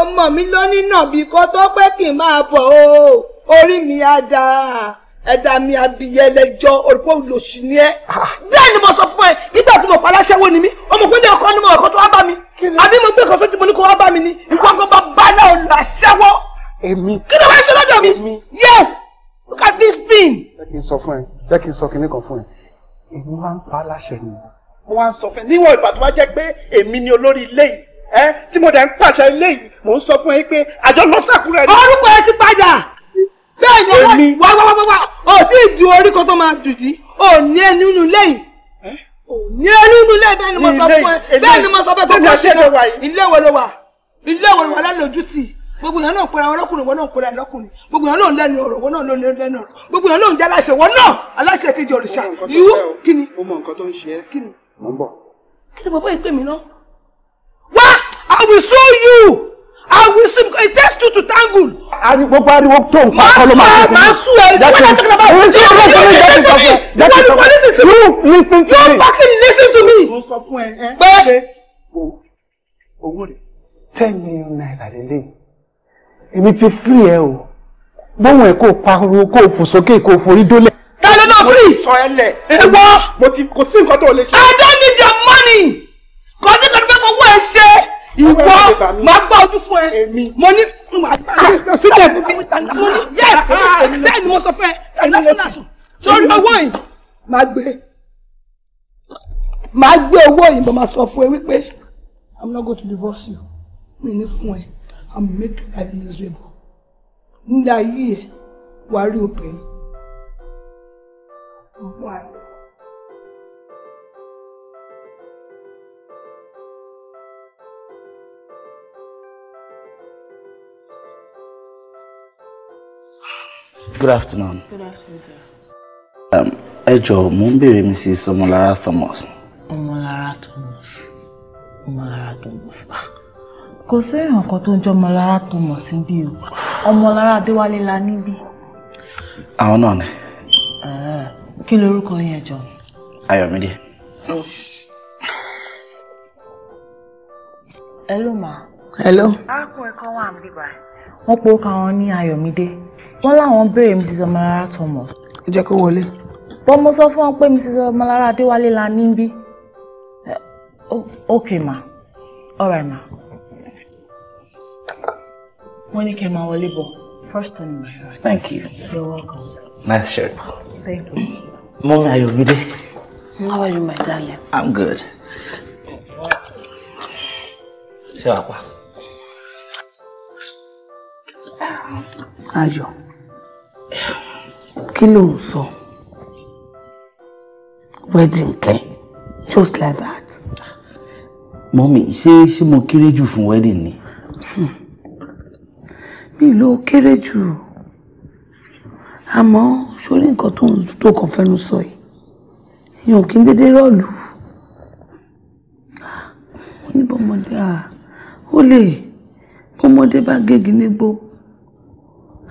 ọmọ mi lónìí náà bí kan tó pé kí n máa bọ̀ o orí mi á da ẹ̀dá mi abiyẹ lẹ́jọ́ òrùkọ́ olóṣì ni ẹ́. Ah. bẹ́ẹ̀ ni mo sọ fún ẹ nígbà tí mo pa aláṣẹ́wó ni mí ọmọkùnrin ọkọ ni mo ọkọ tó wá bá mi àbí mo gbé ọkọ tó dìbò ní kó wá bá mi ni ìwọ kó bá bá náà lọ aṣẹ́wó. èmi kí ló wáá ṣe lọ́dọ̀ mi. yes look at this thing. jẹ́ kí n sọ fún ẹ jẹ́ kí n sọ kinní kan fún ẹ èmi wá ń pa láṣẹ ni mo wá ń sọ fún ẹ níwọ̀n ìgbà tó bá jẹ́ pé èmi ni olórí ilé yìí ẹ tí mo dẹ̀ ń pàṣẹ ilé yìí mò ń sọ fún ẹ pé àjọ lọ́sàkúrẹ́ ni. orúkọ ẹ ti padà bẹ́ẹ̀ ni ọwọ́ wá wá wá wá ò tí ì ju orí kan tó máa dùdí ò ní ẹni nínú ilé yìí ò ní ẹni nínú ilé bẹ́ẹ̀ ni mo sọ fún ẹ bẹ́ẹ̀ ni mo sọ fún ẹ tó kọ́ sí ilé ìwé ló wà ilé ìwé ló wà lálẹ́ ojú gbogbo yẹn náà pera wọn lọkùnrin wọn náà pera lọkùnrin gbogbo yẹn náà lẹ́nu ọ̀rọ̀ wọn náà ló lẹ́nu ọ̀rọ̀ gbogbo yẹn náà ń jẹ aláṣẹ wọn náà aláṣẹ kejì òrìṣà yíwú kíni. ó mọ nǹkan tó ń ṣe é. kíni. mo ń bọ̀. kí ni bàbá ìpè mí náà. wá I will show you I will see it takes two to tangle. ari gbogbo ariwo tó ń pa kọlọ máa tẹ̀lé. máa sùn ẹ wọ́n náà tẹ̀lé bàbá òun sí ọ̀rọ̀ ìgbàlódé ìgbàlódé ìgbàlódé ìgbàlódé ìgbàlódé ìgbàlódé million naira lélẹ́yìn èmi ti free ẹ o bọ́wọ̀n ẹ̀ kò pariwo kò fò sókè kò forí dólẹ̀. ta ló lọ free. sọ ẹ lẹ. ewọ. mo ti kò sí nǹkan tó lè ṣe. I don't need your money. kò ní kò ní fẹ́ fowó ẹ ṣe. ìwọ máa gbá ojú fún ẹ. èmi. mo ní. Ah, sílẹ̀ fún mi. mo ní yẹ ah, ah, bẹ́ẹ̀ ni mo sọ fún ẹ. lásìlásì sórí owó yìí máa gbé máa gbé owó yìí mo máa sọ fún ẹ wípé I'm not going to divorce you mi ní fún ẹ and make your life miserable. Nílé ayé ẹ̀ wá rí Good afternoon. Good afternoon, sir. Um, ẹ jọ̀ọ́, mo ń béèrè Mrs. Ọmọlára Thomas. Ọmọlára Thomas. Ọmọlára Thomas kò sí èèyàn kan tó ń jẹ́ ọmọlára tó mọ̀ sí bí o ọmọlára adéwálé la níbí. àwọn náà ni. kí lorúkọ yẹn jọ. ayọ̀mídé. hello ma. hello. arákùnrin kan wà níbí báyìí. wọ́n porúkọ àwọn ní ayọ̀mídé wọ́n láwọn béèrè mrs ọmọlára thomas. ẹ jẹ́ kó wọlé. bọ́n mo sọ fún wọn pé mrs ọmọlára adéwálé la níbí. ok ma all right ma wọ́n ní kẹ́ máa wọlé bọ̀ first time in my life. thank you. you're welcome. nice shirt. thank you. Mommy, are you ayọ̀mídé. how are you my darling. i'm good. See you. pa. ayọ̀ kí wedding kẹ́ just like that. mọ́mí say ṣé mo kireju jù wedding ni ìlú ó kéré jù àmọ́ sórí nǹkan tó ń tó kàn fẹ́nu sọ yìí èèyàn kì í dédé rọ́ọ̀lù oníbọ̀mọdé à ó lè bọ́mọdé bá gègé nígbó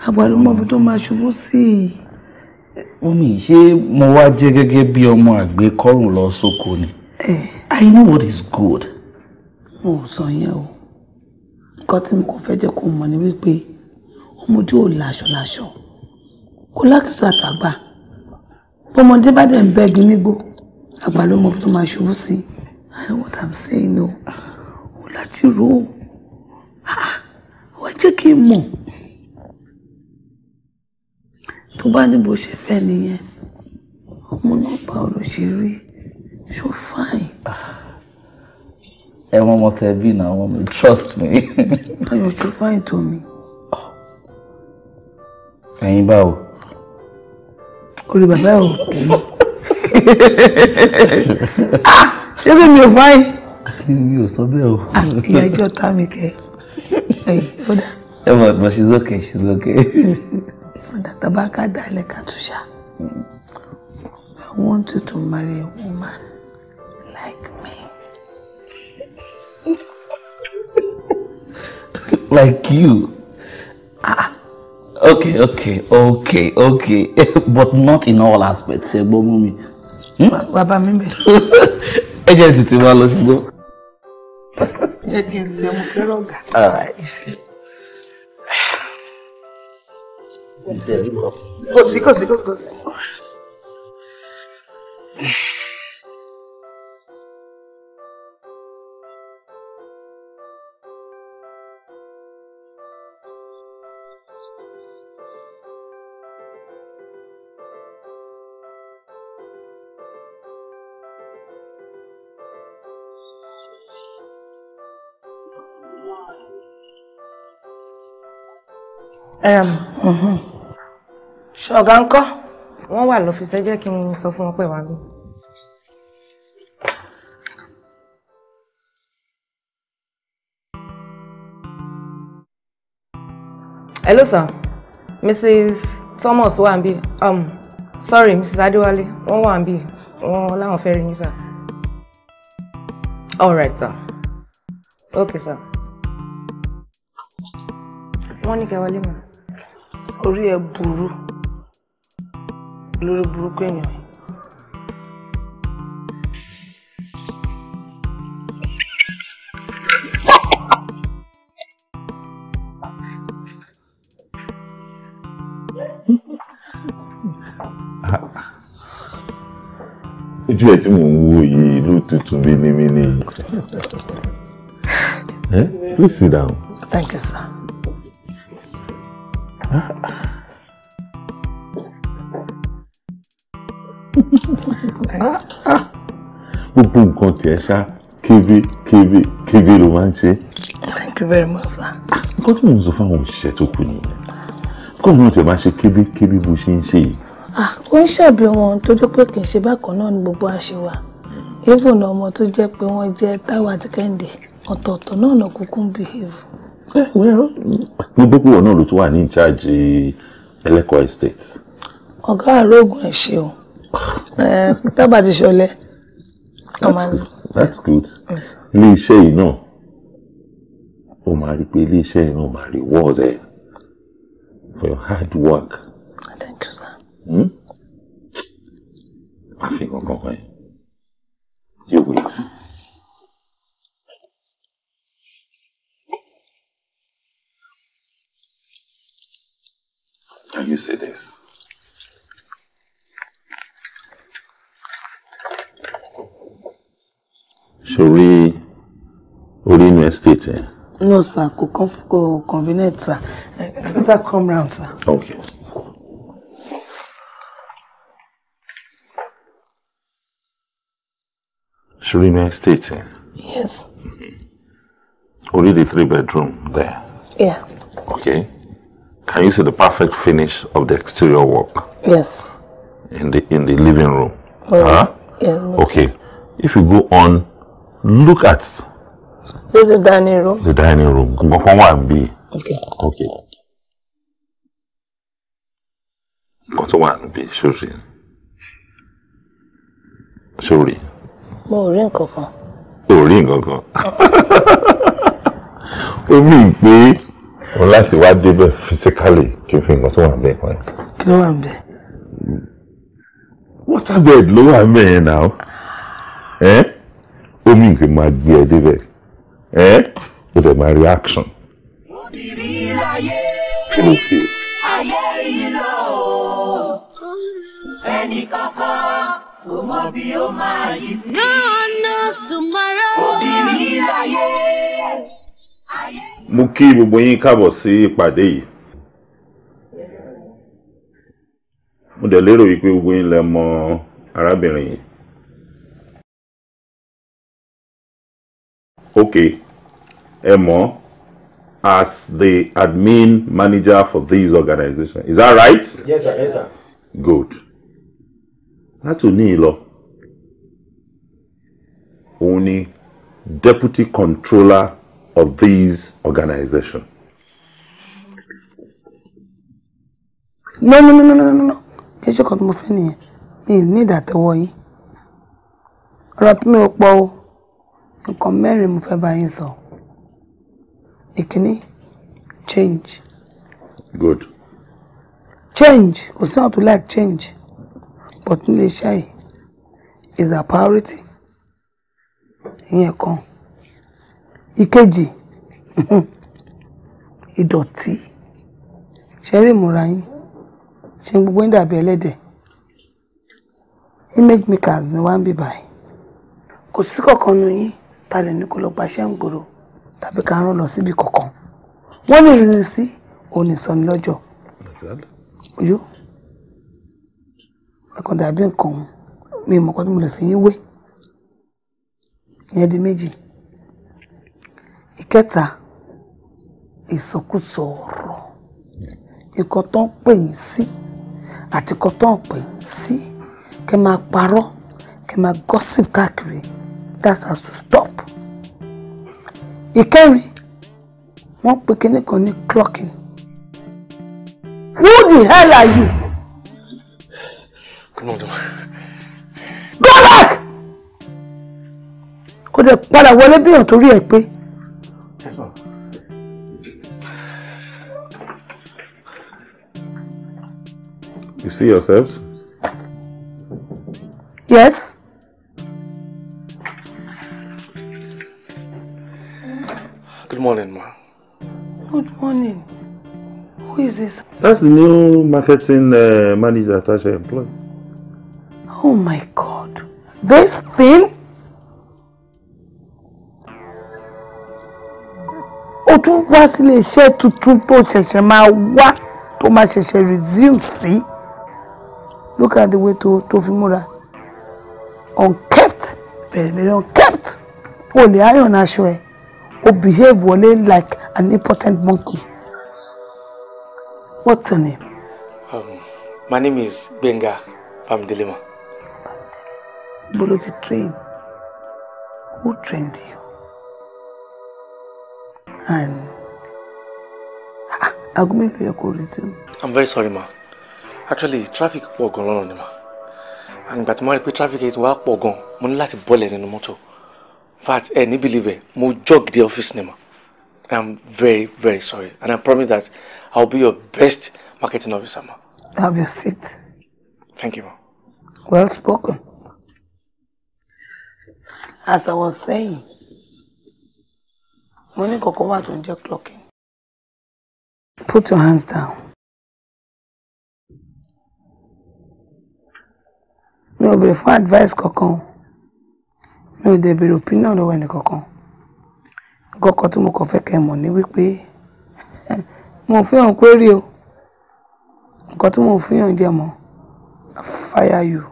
àgbàlùmọ̀bí tó máa ṣubú sí i. omi ṣé mo wá jẹ́ gẹ́gẹ́ bí ọmọ àgbẹ̀ kọ́rùn lọ sóko ni I know what is good. mo sọ yẹn o nǹkan tí mo kò fẹ́ jẹ́ kó mọ̀ ni wípé ọmọdé ò láṣọ láṣọ kó lákìsọ àtàgbà bọ́mọdé bá dẹ̀ ń bẹ́gi nígbó àgbà ló mọ tó máa ṣubú sí i i know what i'm saying o ò láti rò ah, ó wá jẹ́ kí n mọ̀ tó bá ní bó ṣe fẹ́ nìyẹn ọmọ náà bá ọ̀rọ̀ ṣe rí so fine. Ah, ẹ wọn mọ tẹbi náà wọn mi trust me. ayọ̀ tó fine tó mi ẹ̀yin báwo. orí bàbá ò kì í ṣé kí mi ò fáyín. mi ò sọ bẹ́ẹ̀ o. Ah, ìyá ìjọ ta mi kẹ ẹ mọ̀ but she's okay she's okay. ọ̀dà tabaka dalẹ̀ katusha I want you to marry a woman like me. like you. ah okay okay okay okay (laughs) but not in all aspects ẹ gbọ́ mú mi. bàbá hmm? mi bẹ̀rẹ̀. (laughs) ẹ jẹ́ tètè máa lọ ṣùgbọ́n. jẹ́ kí n ṣe mo fẹ́ràn ọ̀gá. kò sí kò sí kò sí kò sí. Mhm. ṣọ̀gá ń kọ́ wọ́n wà lọ́fíìsì jẹ́ kí n sọ fún wọn pé wàá gbé. Hello, sir. Mrs. Thomas wà Um, sorry, Mrs. Adéwálé. Wọ́n wà níbí. Wọ́n láwọn fẹ́ rí yín, sir. All right, sir. Okay, sir. Wọ́n ní kẹwàá lé mọ́ orí ẹ burú lórí burúkú èèyàn yìí. ojú ẹ tí mò ń wo yìí ló tutù mímímí ni. Please sit down. Thank you, sir. pé nǹkan tiẹ̀ ṣá kébé kébé kébé ló máa ń ṣe. thank you very much sir. nǹkan tí mò ń sọ fáwọn òṣìṣẹ́ tó kù nìyẹn kọ́ ọ̀nà tẹ̀ máa ṣe kébé kébé bó ṣe ń ṣe yìí. ó ń ṣàbí wọn tó jẹ́ pé kì í ṣe bákan náà ni gbogbo àṣewà even ọmọ tó jẹ́ pé wọ́n jẹ́ Táíwò àti Kẹ́hìndé ọ̀tọ̀ọ̀tọ̀ náà náà kúkú ń behave. ní gbogbo wọn náà ló tún wà ní ìcháàjì ẹlẹ́kọ̀ọ́ estate. ọ̀gá àrògùn ẹ̀ ṣeun eh, tábà ti ṣọlẹ̀ that's, that's good ilé iṣẹ́ yìí náà ó máa rí pé ilé iṣẹ́ yìí náà máa reward ẹ for your hard work. thank you sir. wàá hmm? fi kankan kan ẹ yóò wí. Can you say this? sórí orí inú estate ẹ. Eh? no sir kò kàn kò convenient sir i better come round sir. okay. sórí inú estate ẹ. Eh? yes. Mm-hmm. orí the three bedroom there. yeah. okay. Can you see the perfect finish of the exterior work? Yes. In the in the living room. Oh, huh? Yeah, okay. Sense. If you go on look at. this is the dining room. the dining room nǹkan kan wà okay. okay. nǹkan one wà níbí sórí sórí. mo ò rí nǹkan kan. o ò rí nǹkan kan. ó mì pé o láti wá débẹ̀ physically kí o fi nǹkan tó wà níbẹ̀ pa ẹ̀. kí ló wà níbẹ̀. waterbed ló wà níbẹ̀ yẹn náà. Eh? ó mì pé máa gbé ẹ débẹ̀ ẹ́ ó dẹ̀ máa reaction. kí ló ṣe. ayé yìí lọ ẹnì kankan kò mọ bí ó máa yí sí. no one tomorrow. obìnrin láyé. mo kí gbogbo yín káàbọ̀ sí ìpàdé yìí. mo dẹ̀ lérò wípé gbogbo yín lè mọ arábìnrin yìí. okay Emo as the admin manager for this organization. Is that right? Yes, sir. Yes, sir. Good. Láti òní lọ, òun ni deputy controller of this organization. No, no, no, no, no, no, no. Kì í ṣe kan tí mo fẹ́ nìyẹn. Mi ò ní ìdàtọ̀wọ́ yín. Ọ̀rọ̀ tí Nǹkan mẹ́rin mo fẹ́ bá yín sọ. Ìkíní, change. Good. Change, kò sí àwọn like change, but nílé iṣẹ́ yìí is a priority. Ìyẹn kan. Ìkejì, (laughs) ìdọ̀tí. Ṣé rí ìmúra yín? Ṣé gbogbo yín dàbí ẹlẹ́dẹ̀? Image makers ni wá ń bí báyìí. Kò sí kankan nínú yín ta lè ní kó lọ gbaṣẹ́ ń gbòòrò tàbí ká rán lọ síbi kankan wọ́n lè rìn sí òní sọni lọ́jọ́ oyó ẹ̀kan dàbí nǹkan mi mọ̀ kọ́ tí mo lè fi yín wé ìyẹn di méjì ìkẹta ìsọkúsọ ọ̀rọ̀ ikọ̀ tó ń pè yín sí àti ikọ̀ tó ń pè yín sí kẹ́ máa parọ́ kẹ́ máa gossip káàkiri that's how to stop ìkẹrin wọ́n pe kinní kan ní clocking who the hell are you. No, no. go back kò dé padà wọlé bí èèyàn torí ẹ pé. You see yourselves? Yes. Good morning, ma. Good morning. Who is this? That's the new marketing uh, manager I employed. Oh my God. This thing? Ó tún wá sílé iṣẹ́ tuntun tó ṣẹ̀ṣẹ̀ máa What? tó máa ṣẹ̀ṣẹ̀ resume see. Look at the way to tó Unkept, very very unkept. Olè ayọ̀nà aṣọ ẹ̀ ó behave wọlé like an important monkey what's your name. Um, my name is Gbenga Bamdelema. Bolo ti train who trained you and ah, agunmi ló yẹ kó resume. I'm very sorry ma actually traffic pọ̀ gan-an lọ́nà ni ma and ìgbà tí mo rí pé traffic yìí ti wá pọ̀ gan-an mo ní láti bọ́lẹ̀ nínú mọ́tò in fact ẹ ní believe eh? mo jog the office ni i am very very sorry and i promise that i will be your best marketing officer ma. have your seat. thank you ma. well spoken. as i was saying mo ní come wà tó ń clocking. put your hands down. No, before advice kankan o mi dẹ̀ bèrè opinion lọ́wọ́ ẹnì kankan tí mo kàn fẹ́ kẹ́ mọ̀ ní wípé (laughs) mo fi hàn pé rí o nǹkan tí mo fi hàn jẹ mọ́ fire you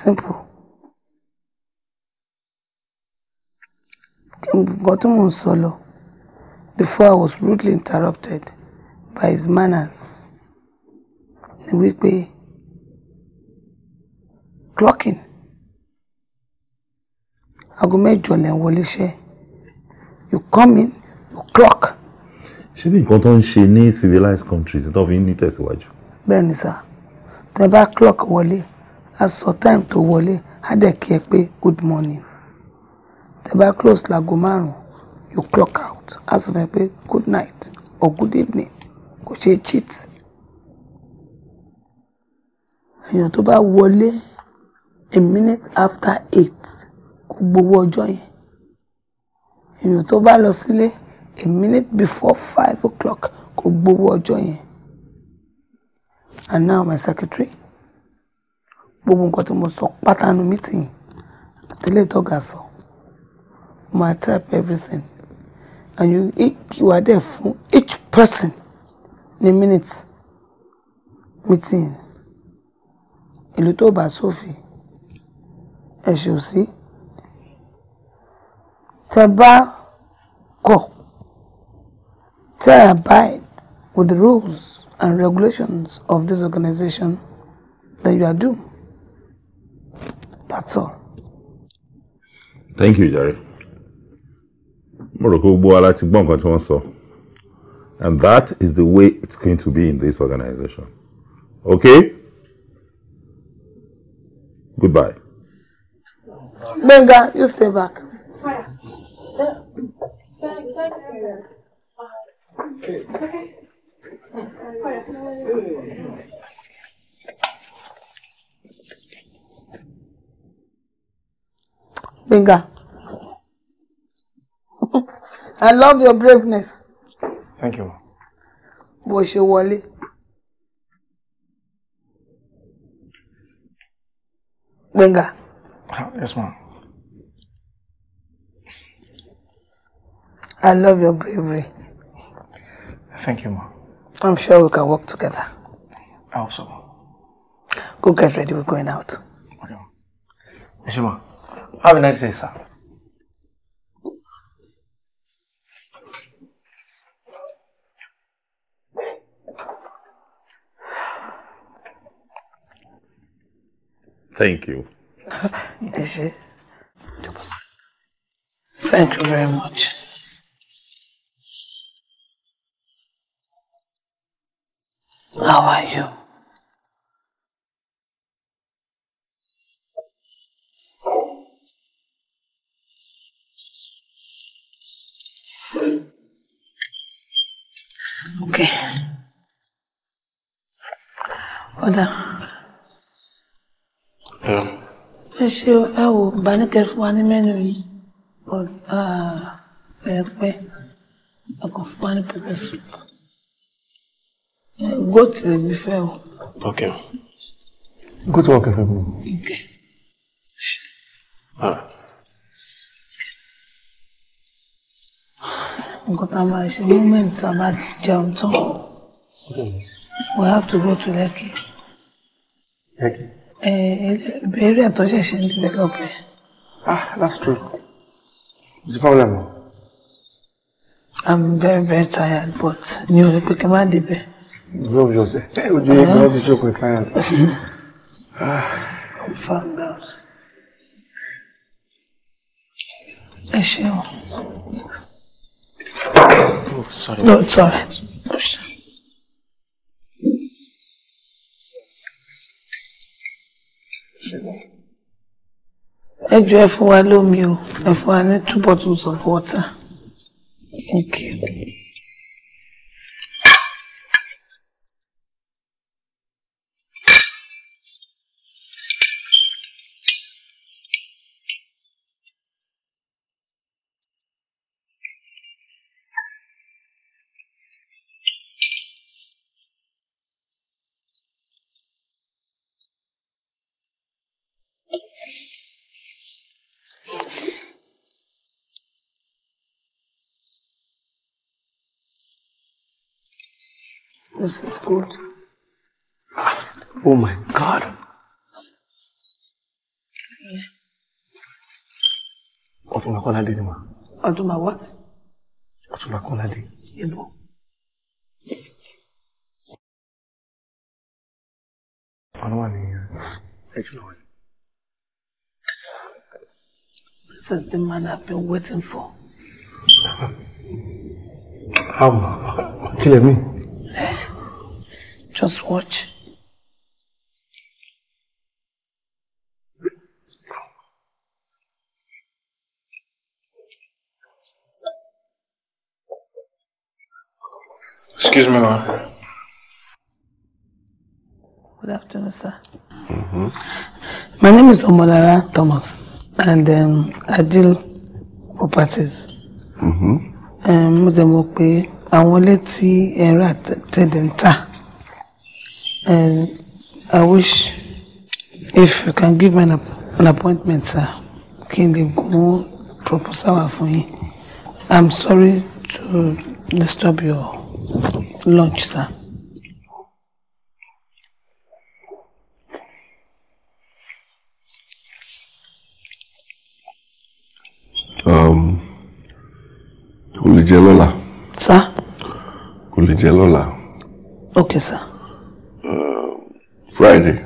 simple nǹkan tí mo ń sọ lọ before I was rudely interrupted by his manners ni wípé clocking aago mẹ́jọ lẹ ń wọlé iṣẹ́ you come in you clock. ṣé bí nǹkan tó ń ṣe ní civilized countries tó fi ń ní tẹ̀síwájú. bẹ́ẹ̀ ni sà tẹ bá clock wọlé a sọ time tó wọlé a dẹ̀ kí ẹ pé good morning tẹ bá close láago márùn-ún you clock out a sọ fún ẹ pé good night or good evening kò ṣe cheat èèyàn tó bá wọlé a minute after eight kò gbowó ọjọ́ yẹn èèyàn tó bá lọ sílé a minute before five o'clock kò gbowó ọjọ́ yẹn and now my secretary gbogbo nǹkan tí mo sọ pátánù meeting àtẹlẹ ìtọ́gà sọ mo type everything and you you are there fún each person ní minute meeting ìlú tó bá sófin ẹ̀ṣẹ̀ ò sí tẹ́ bá kọ̀ tẹ́ abide with the rules and regulations of this organization then you are doomed. That's all. Thank you, Jerry. Mo rò pé gbogbo wa láti gbọ́ nǹkan tí wọ́n sọ. And that is the way it's going to be in this organization. Okay? Goodbye. Benga, you stay back. Okay. Okay. Binga. (laughs) I love your braveness. Thank you. Bó ṣe wọlé. Binga. Yes, ma'am. I love your bravery. Thank you, Ma. I'm sure we can work together. I hope so. Go get ready, we're going out. Okay. Nishima, have a nice day, sir. Thank you. (laughs) Thank you very much. How are you? Okay. Ọ̀dà. Ẹ ṣe ẹ wò bá ní kẹ fún wa ní mẹ́nu yìí, but ah, ẹ pẹ́, ẹ kò fún wa ní pepper soup. Go to the buffet. Okay. Go to kẹfẹ mi. ike. Ah. nǹkan tá a máa ṣe moment tá a bá we have to go to Lekki. Lekki. Eh, ẹ bẹ̀rẹ̀ tó ṣẹ̀ṣẹ̀ ń develop ah that's true. it's the problem. I'm very very tired but you ò lè pe kí n Love yourself. Would you ignore the joke with client? I'm found out. Ẹ ṣeun. Oh, sorry. No, it's all right. No, Ẹ jọ̀ọ́ ẹ fún wa lómi o, ẹ fún wa ní two bottles of water. Okay. This is good. Oh my God. Yeah. Ọ̀túnba Kọ́ládé ni mà. Ọ̀túnba what? Ọ̀túnba Kọ́ládé. Ibo. Ọ̀nà wà ní ẹ̀jìnà wọ̀nyí. This is the man I've been waiting for. How? Kí lè mí? Eh? Just watch. Excuse me, ma'am. Good afternoon, sir. Mm-hmm. My name is Omolara Thomas, and um, I deal properties. Mm-hmm. Um, mo dẹ̀ mọ̀ pé àwọn ilé tí ẹ rà ń tà and I wish if you can give me an, an appointment, sir, Can the lè proposal for me? I'm sorry to disturb your lunch, sir. Um, kò lè Sir. Kò lè Okay, sir. Friday.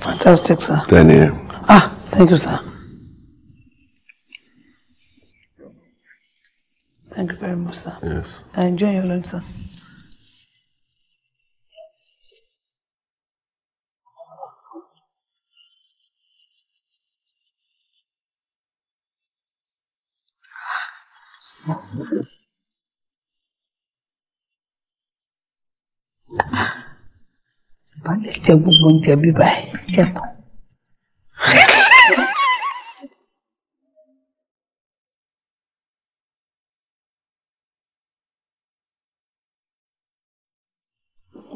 Fantastic, sir. 10 a.m. Ah, thank you, sir. Thank you very much, sir. Yes. enjoy your lunch, sir. Ah. bá jẹ gbogbo oúnjẹ bíbá ẹ jẹpọ.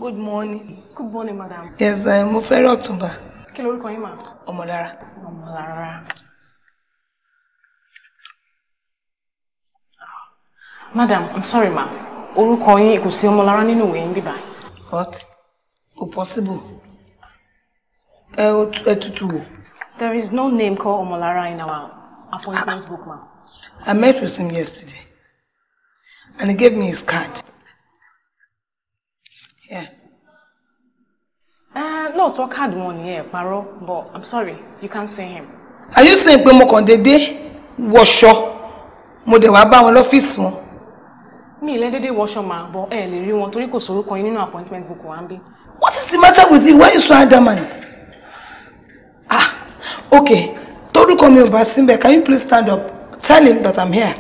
good morning. good morning madam. yes uh, mo fẹ́rẹ̀ ọ̀túnba. kí lorúkọ yín mà. ọmọlára. ọmọlára. madam i'm sorry ma orúkọ yín kò sí ọmọlára nínú ìwé yín bíbá. what kò possible ẹ ẹ tutù wò. there is no name called Omolara in our appointment book ma. I met with him yesterday and he gave me his card. Yeah. Uh, lóòótọ́ káàdì one here, parọ́ but I'm sorry you can't see him. are you saying pé mo kàn déédéé wọṣọ mo dẹ̀ wá bá wọn lọ́fíìsì wọn. mi ì lẹ́dẹ́dẹ́ wọṣọ màá bọ ẹ lè rí wọn torí kò sórúkọ yín nínú appointment book wa ń bí. What is the matter with you? Why you so adamant? Ah, okay. Toru Komi Obasimbe, can you please stand up? Tell him that I'm here.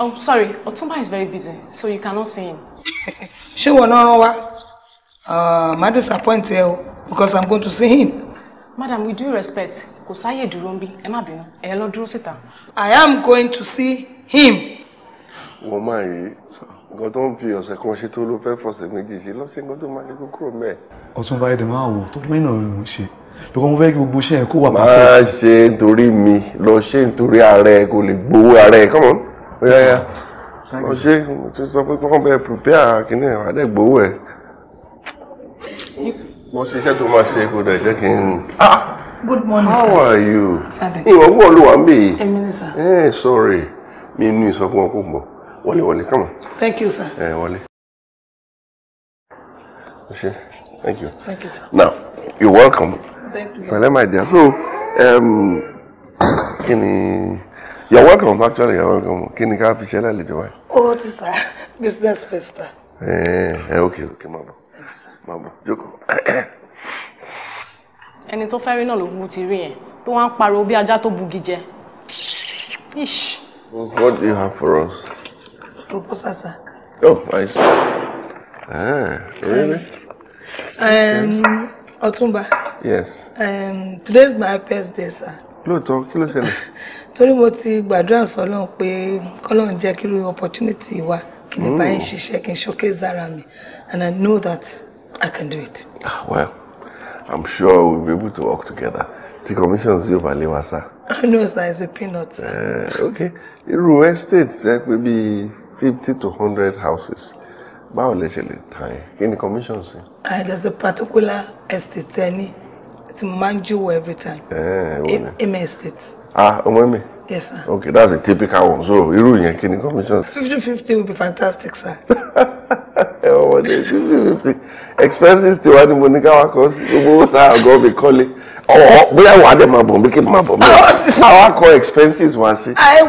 Oh, sorry. Otumba is very busy, so you cannot see him. She won't know what. Uh, my disappoint because I'm going to see him. Madam, we do respect, kò sáyè dúró ńbí, ẹ má bínú, ẹ I am going to see him. Wọ́n máa eh? nǹkan tó ń fi ọ̀sẹ̀ kan ṣe tó ló fẹ́ fọ̀sẹ̀ méjì ṣe lọ́sẹ̀ nǹkan tó máa ṣe kúkúrò mẹ́ẹ̀. ọ̀tún báyìí dẹ̀ máa wò tó mẹ́nà ń ṣe lọ́kọ́ mo fẹ́ kí gbogbo iṣẹ́ kó wà pàtó. máa ṣe nítorí mi lọ ṣe nítorí ààrẹ kò lè gbowó ààrẹ come on ó yá yá lọ ṣe tó sọ pé kọ́kọ́ bẹ́ẹ̀ prepare kìíní ẹ̀ wàá dẹ̀ gbowó ẹ̀. mo ṣiṣẹ́ tó máa ṣe kó dẹ̀ jẹ́ kí n. Ah! good morning how are you? ìwọ̀n wọ̀ ló wà mí. ẹ eh, sorry mi inú ìsọfún ọkọ̀ wọlé wọlé come on. thank you sir. Eh, wọlé. ṣe thank you. thank you sir. now you're welcome. thank you. pẹ̀lẹ́ my dear so um, kini, you're welcome actually you're welcome Kini ni ká fi ṣẹlẹ̀ lè jọ wáyé. o business first. ẹ eh, eh, ok okay, máa bọ̀ máa bọ̀ jókòó. ẹni tó fẹ́ rí náà ló mú ti rí yẹn tó wá ń pariwo bí ajá tó bugi jẹ. What do you have for us? proposal, sir. Oh, nice. Ah, really? Um, um Ọ̀túnba. Yes. Um, today's is my birthday, sir. Lóòótọ́, kí ló ṣẹlẹ̀? (laughs) Torí mo ti gbàdúrà sọ́lọ́run pé kọ́lọ́run jẹ́ kí irú opportunity wa kí n bá yín mm. ṣiṣẹ́ kí n showcase ara mi and I know that I can do it. Ah, well, I'm sure we'll be able to work together. The commission is over Lewasa. (laughs) I know, sir. It's a peanut, sir. Uh, eh, okay. Irú estate, that may be fifty to hundred houses báwo lè ṣe lè tàn yẹn kí ni commission sí. Uh, there's a particular estate ẹni tí mo máa ń júwò every time. E, eme estate. ah ọmọ mi. yes sir. okay that's a typical one so irú yẹn kí ni commission. fifty fifty will be fantastic sir. (laughs) ọmọdé fifty fifty expenses tiwa ni mo ní káwá kọ sí gbogbo tá a gọ́ mi kọ́lé ọwọ oh, bóyá wàá dẹ máa bọ̀ mí kí n máa bọ̀ mí oh, àwa kọ expenses wá sí ìgbówó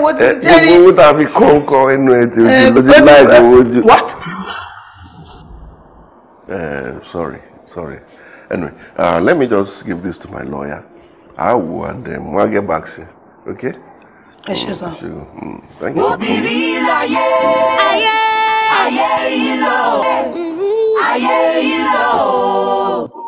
would eh, a fi kọ́ ń kọ ẹnu ẹ ti ojú eh, lójú láì fi owó jù. Eh, sorry sorry anyway uh, let me just give this to my lawyer i want them. then get back to you okay. ẹ ṣe sọ. obìnrin láyé ayé yìí lọ mm-hmm. ayé yìí lọ.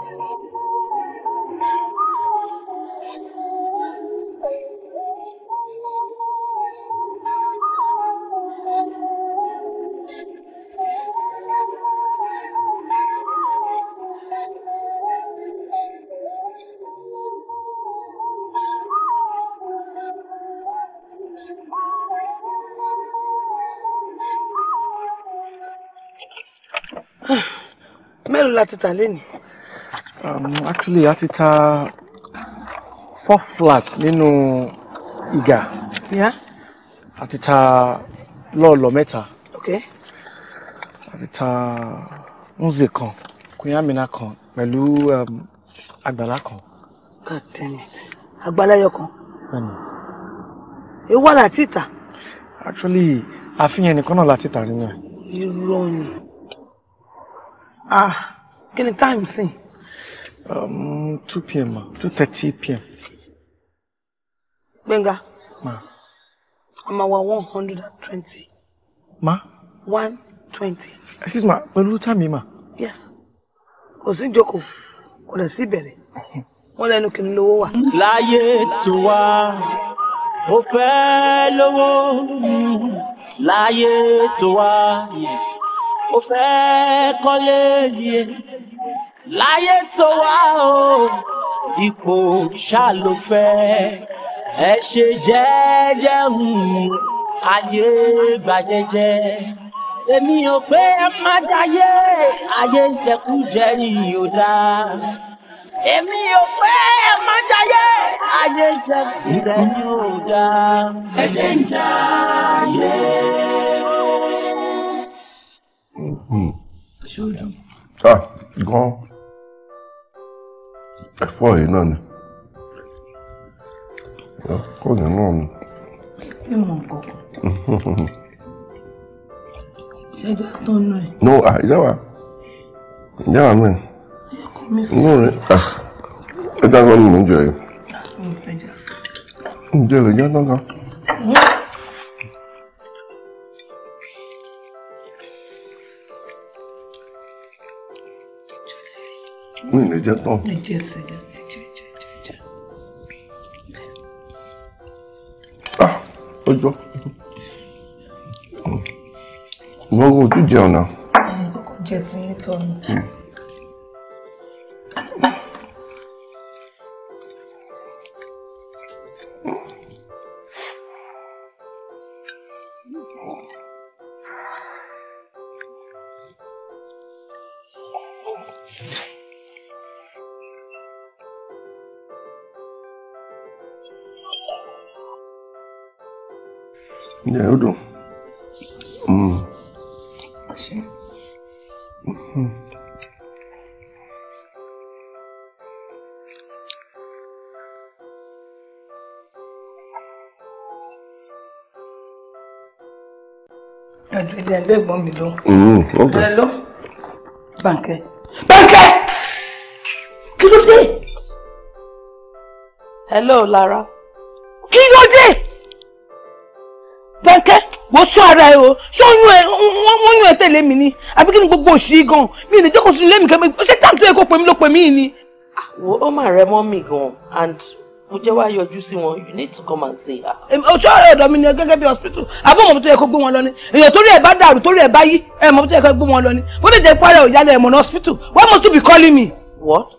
(sighs) mélòó la ti tà lẹ́nìí. Um, actually a ti ta four flats nínú ìgà. Yeah. a ti ta lọ́ọ̀lọ́ mẹ́ta. Okay. a ti ta nze kan kúnyàmínà kan pẹ̀lú um, àgbàlá kan. God damn it. àgbàlá yọ kan. bẹ́ẹ̀ni. ewu wà láti tà. actually àfihàn nìkan náà láti tà nínú ẹ̀. irọ́ ni ah kí ni time sí. Um, 2 pm ma two pm. Benga? ma. àmà wa one hundred and ma. one twenty. excuse ma pẹ̀lú tàmí ma. yes kò joko, jókòó kò dẹ̀ sí bẹ̀rẹ̀ wọ́n lẹ́nu kì í lówó wà. láyé tó wá ó Yeah mo fẹ́ kọ́lé mi láyé tó wá o ipò ṣáà ló fẹ́ ẹ ṣe jẹ́jẹ́ hùn ayé gbàjẹ́jẹ́ èmi ò pé ẹ má dáyé ayé jẹkújẹ ni ò dáa èmi ò pé ẹ má jáyé ayé jẹkújẹ ni ò dáa ẹ jẹ́ ń jáyé ṣojú. a gan ẹ̀fọ́ yìí náà ni ẹ̀fọ́ yìí náà ni. ètè mọ̀ kọ̀ọ̀kan. ṣẹ́jà tó ń nà ẹ̀. no ah, ìjọba ìjọba mi. ẹ̀kọ́ mi fi sí. Ah, ẹ̀já kan ni mò ń jẹ yìí. Ah, ẹ̀já sí. lè jẹ́ tán mi ò lè jẹ tán. ẹ jẹ ẹsẹ jẹ jẹ jẹ jẹ jẹ. ah ọjọ́ ìwọ kò tún jẹun náà. ẹ kọ́kọ́ jẹ tí ń tọ́ mi. ǹjẹ́ ó dùn. tọ́jú mm. mm-hmm. ilé ẹlẹ́gbọ́n mi ló. ẹ bànkẹ́ bànkẹ́ kí ló dé. hello Lara. wò sọ ara ẹ o ṣé wọ́n yún ẹ tẹ̀lé mi ni àbí kí ni gbogbo òṣì gan mi ní jókòó sínú lẹ́mìí kẹ́mi ṣé táàmù tó yẹ kó pè mí ló pè mí ni. Ah, wo ó mà rẹ mọ́ mi gan and mo jẹ́ wá yọjú sí wọn you need to come and see her. ojú ọ̀dọ̀ mi ni gẹ́gẹ́ bí hospital àbọ̀ mọ̀ tó yẹ kó gbé wọn lọ ni èèyàn torí ẹ̀ bá dàrú torí ẹ̀ bá yí ẹ̀ mọ̀ tó yẹ kó gbé wọn lọ ni bó lè jẹ́ pàrọ̀ ìyálẹ̀ ẹ̀mọ̀ ní hospital why must you be calling me. what.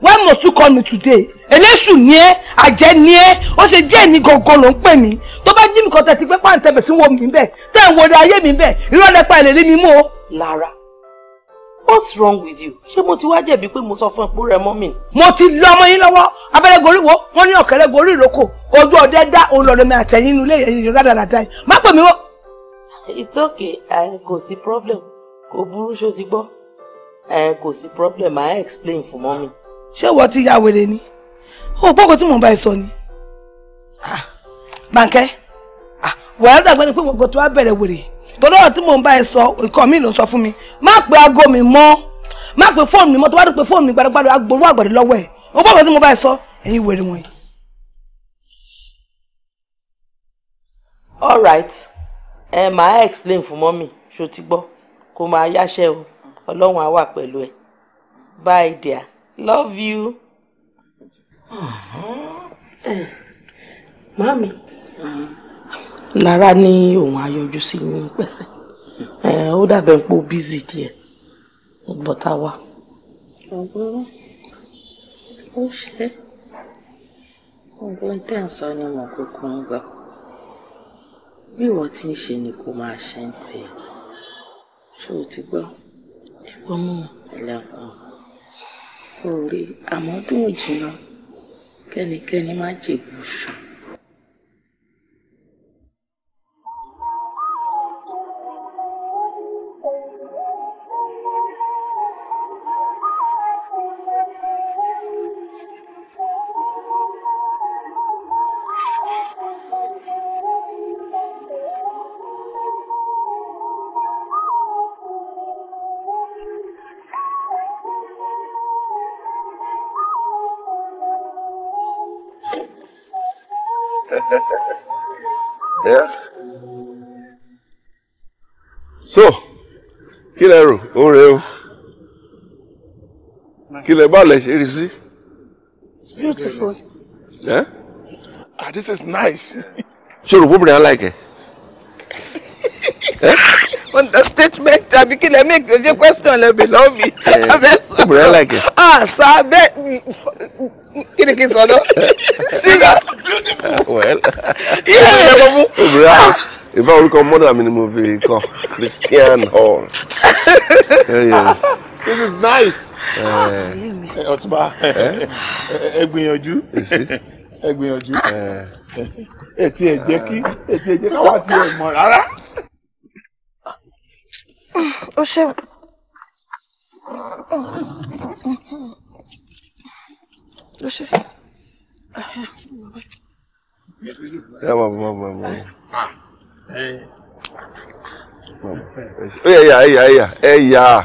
why must you call me today eléṣù ni ẹ àjẹ́ ni ẹ ó ṣe jẹ́ ẹni gangan ló ń pè mí tó bá jí mi kan tẹ̀sí pé pàǹtẹ̀ bẹ̀ sí wo mi bẹ̀ tẹ́ ń wọlé ayé mi bẹ̀ ìrọ̀lẹ́ pa ìlérí mi mú o. Lára what's wrong with you ṣé mo ti wá jẹ̀bi pé mo sọ fún ẹ̀pọ̀ rẹ mọ́ mi. mo ti lọ ọmọ yín lọ́wọ́ abẹ́rẹ́ gorí wo wọ́n ní ọ̀kẹ́rẹ́ gorí ìrókò ojú ọdẹ dá òun lọ́dọ̀ mi àtẹ̀yìn inú ilé ìyẹn rádaràdà yìí má pè mí wọ́. it's okay kò sí problem kò burú ṣó ti gbọ́ kò sí problem i explain fún mọ́ mi. ṣé wọ́n ti ya wèrè ni o pọ́kọ tí mò ń bá ẹ sọ ni ah, bànkẹ́ ah, wàá dàgbẹ́ ni pé gbogbo tó wá bẹ̀rẹ̀ wèrè torí ọ̀rọ̀ tí mò ń bá ẹ sọ ìkọ́ mi ló ń sọ fún mi má pe aago mi mọ́ má pe fóònù mi mọ́ tó bá dùn pé fóònù mi gbàdúgbàdù agbòrú àgbàdo lọ́wọ́ ẹ̀ o pọ́kọ tí mò ń bá ẹ sọ ẹ̀yin wèrè wọ̀nyí. all right ẹ máa explain fún mọ́mì ṣó ti gbọ́ kó máa yáṣẹ́ o ọlọ́run á wà pẹ̀lú ẹ bye dear love you. Màámi, Lára ní òun ayọjú sí yín pẹ̀sẹ̀. Ó dàbẹ̀ ń pò bízì díẹ̀. Bọ̀tá wa. Ọ̀gbọ́n ó ṣe é. Ọgbọ́n tẹ̀ ń sọ ni mo kúkú ń gbà. Bí ìwọ ti ń ṣe ni kò máa ṣe ń tiẹ̀. Ṣé o ti gbọ́? Ẹ̀gbọ́n mú mi. Ẹlẹ́kùn. Orí àmọ́dún òjìnà kẹ́nikẹ́ni má jẹ̀bi oṣù. kí lẹ rò ó rè o kí lẹ bá lẹ ṣe rí sí. it's beautiful. Eh? ah this is nice. ṣé o rò bóbìnrin aláìkẹ́. (laughs) understatement tàbí kí lẹ make the question lẹ bi lọ mi abẹ sọ bùrẹ lẹkẹ ah sa abẹ kí ni kí n sọ lọ serious beautiful well yeah. (laughs) ìfà orúkọ mọ́dà mi ni mo fi kọ Christian Hall. This is nice. ọtúbà eh. eh, eh? (laughs) ẹ gbìyànjú ẹ gbìyànjú ẹ ti ẹ jẹ́ kí ẹ ti ẹ jẹ́ káwá ti ẹ mọ̀ rárá. ó ṣe. ó ṣe. ẹ máa bọ̀ máa bọ̀ máa ah ẹyà ẹyà ẹyà ẹyà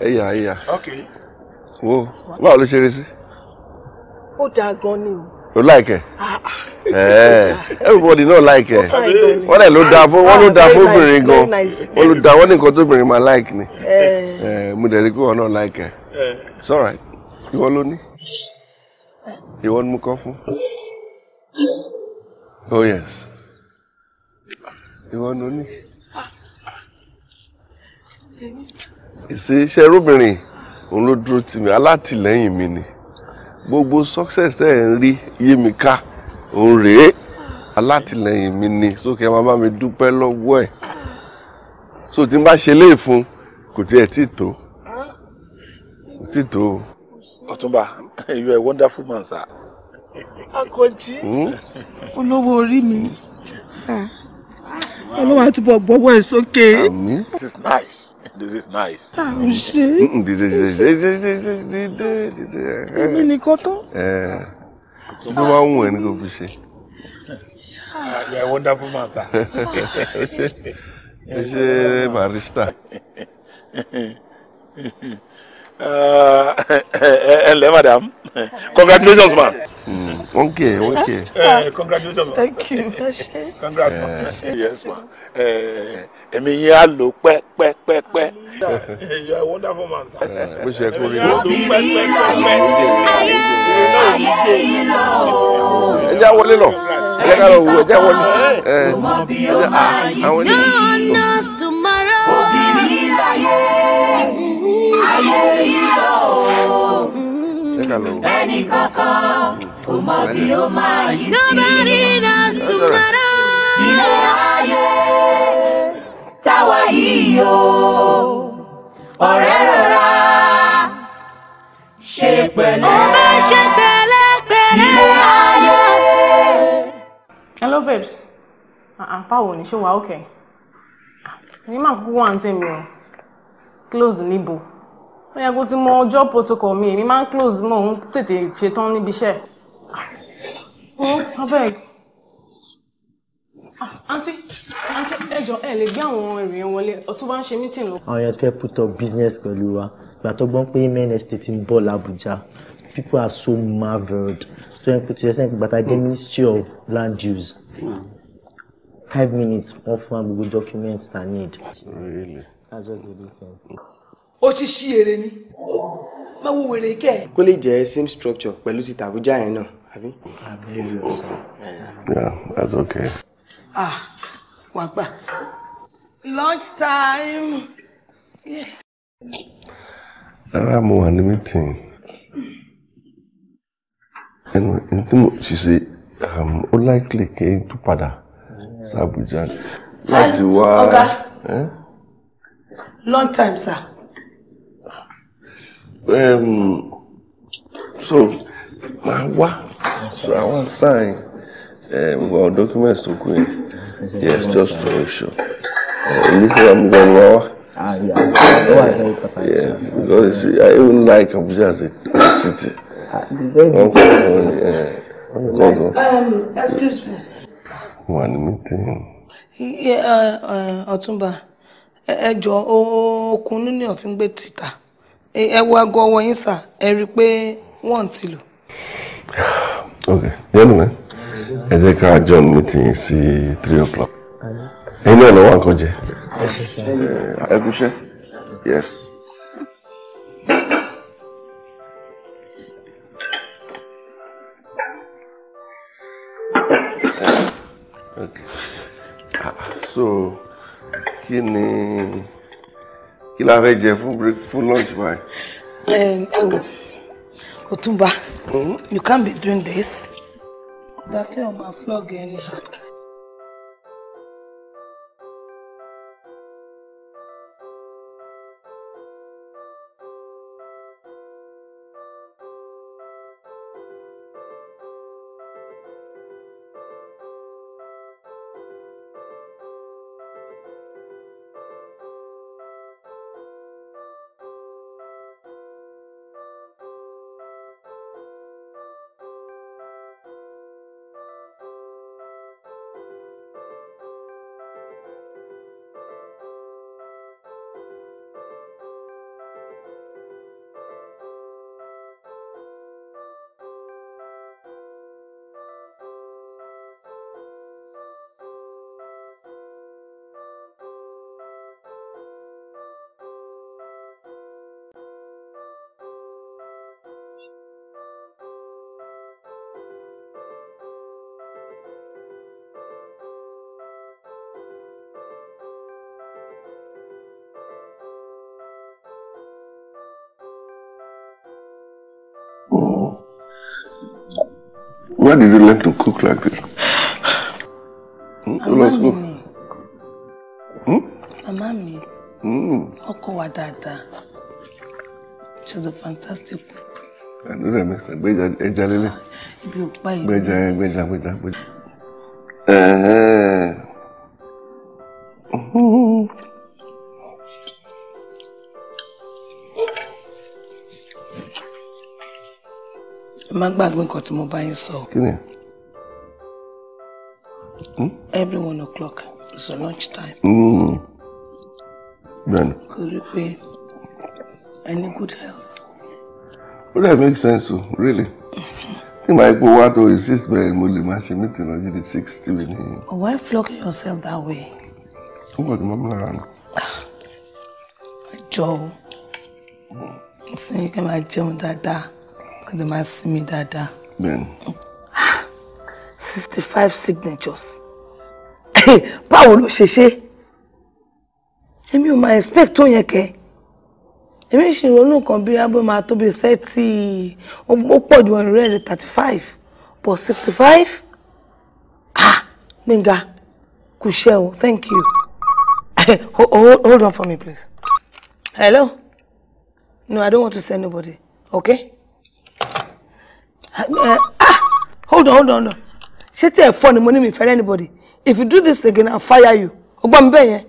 ẹyà ẹyà wo báwo ló ṣe rí sí. ó dáa gan ni. o láìkẹ ah, ah. everybody náà láìkẹ wọn lè ló dáa fún wọn ló dáa ah, fún obìnrin gan wọn ló dáa wọn ní nǹkan tó obìnrin máa like ni eh. Eh, mo dẹ̀ rí pé wọn náà láìkẹ eh. it's alright ìwọ ló ní ìwọ ni mo kọ́ fún. oh yes ìwọ ni o ní. ìṣe iṣẹ́ róbìnrin òun ló dúró tì mí alátìlẹ́yìn mi ni gbogbo success tẹ́ ẹ̀ ń rí yé mi ká òun rèé alátìlẹ́yìn mi ni sókè máa mi dúpẹ́ lọ́wọ́ ẹ̀ so tí n bá ṣe léè fún kò tiẹ̀ tí tó kò tí tó. ọ̀túnba you are a wonderful man sir. akọ̀jí hmm? olówó orí mi. Ah. Olúwa túbọ̀ gbọ́wọ́ ẹ̀ sókè. Àmín. This is nice. This is nice. Àwọn ṣe. Dìde dìde dìde dìde dìde. Èmi nìkan tán. Tó bá wù ẹ́ ní kò fi ṣe. You are a wonderful man, sir. Ẹ ṣe barista. Ẹ uh, ǹlẹ́ (laughs) madam. Congratulations, ma. Mm wọ́n kì í congratulations thank you ẹ congratulations eh. ma. yes ma ẹ̀mí eh, yín á lò pẹ́pẹ́pẹ́pẹ́. you are a wonderful man sir. Eh, bó ṣe kú rí i. obìnrin lọ ayé ayé yìí lọ. ẹ jẹ́ wọlé lọ ẹ jẹ́ ká lọ ẹ jẹ́ wọlé. ọmọ bí o máa yí sí ọ̀nà tomorrow. obìnrin lọ ayé ayé yìí lọ. ẹnì kankan. Omagi Omayi sí. Nobody knows tomorrow. Ilé ayé táwa yìí o, ọ̀rẹ́ rọra ṣe pẹ̀lẹ́. Ó bá ṣe pẹ̀lẹ́ pẹ̀lẹ́. Ilé ayé. Hello babes, ah, ah, báwo ni ṣé wàá okay? Èyí ah, máa kúkú wà ní tèmi o, close níbo ó yẹ kó ti mọ ọjọ́ protocol mi èmi máa ń close mọ́ òun tètè ṣetán níbi iṣẹ́. Oh, abeg. Ah, aunty, aunty, ẹ jọ̀ọ́ ẹ lè gbé àwọn èrò yẹn wọlé. Ọtún bá ń ṣe mítìn lọ. Àwọn èèyàn ti fẹ́ put up business pẹ̀lú wa. Ìgbà tó gbọ́n pé main estate ń bọ̀ l'Abuja. People are so marvelled. Tó yẹn pé tó yẹ sẹ́yìn gbàtà get ministry of land use. Five minutes wọ́n fún wa gbogbo documents I need. Really? That's just the difference ó ti ṣí ere ni máa wo wèrè kẹ. kó lè jẹ́ same structure pẹ̀lú ti tàbújá yẹn náà àbí. yeah that's okay. ah wà gbà lunch time. rárá mo wà ní meeting ẹnu ẹni tí mo ṣì ṣe um, ó likely kí n tún padà sí láti wá. ọ̀gá eh? long time sir. Um, so màá wá So I want sign um, eh, our documents to go in. Yes, just for sure. Uh, look where I'm going now. Ah, yeah. yeah, yeah. Because you see, I even like Abuja as a city. Ah, eh, um, excuse me. One meeting. Yeah, Uh. Uh. jọ okun nínú ọ̀fin gbé títà. Ẹ wo Ewa go yín sà, ẹ rí i pé wọ́n ti ok yẹmúnà eh? ẹ jẹ́ ká join meeting sí three o'clock ẹ̀yin náà lọ wá nǹkan jẹ ẹ kúṣẹ́ yes. Okay. so kí ni kí la fẹ́ jẹ fún fún lunch báyìí. ẹ ẹ Otumba, mm -hmm. you can't be doing this. That way, my a anyhow. where did you learn to cook like this? Hmm? Màmá mi ni. Hmm? Màmá mi. Hmm. Ọkọ wa dáadáa. She's a fantastic cook. Ẹnu rẹ̀ mẹ́sàn-án gbẹ́jà ẹja lélẹ̀. Ah, ibi ò pa ìlú. Gbẹ́jà ẹ gbẹ́jà gbẹ́jà gbẹ́jà. Ẹ̀ẹ́. gbàgbé nǹkan tí mo bá yín sọ. kí hmm? every one o'clock is a lunch time. Hmm. bẹ́ẹ̀ni. kò rí pé i need good health. ó dẹ̀ make sense o really. tí màá pò wá tó insist bẹ́ẹ̀ mo lè máa ṣe meeting lọ́jọ́ di six tí mi ní. why flog yourself that way. ó kàn ti mọ́ mi lára ah, nù. àjọ o. nsìnyí kí n máa jẹun dáadáa pàdé máa sinmi dáadáa. bẹ́ẹ̀ni. sixty five signatures báwo ló ṣe ṣe èmi ò máa expect tó yẹn kẹ èmi ṣì ronú kan bí abẹ́ máa tó bí thirty ó pọ̀ ju ẹ̀rọ rẹ̀ thirty five but sixty five ah gbẹ̀ngà kù ṣe o thank you (laughs) hold on for me please hello no i don't want to see anybody okay. Uh, eh, ah hold on hold on hold on ṣé tí ẹ fọ ni mo ní anybody if you do this again i'll fire you o gbọ́ mi bẹ́ẹ̀ yẹn.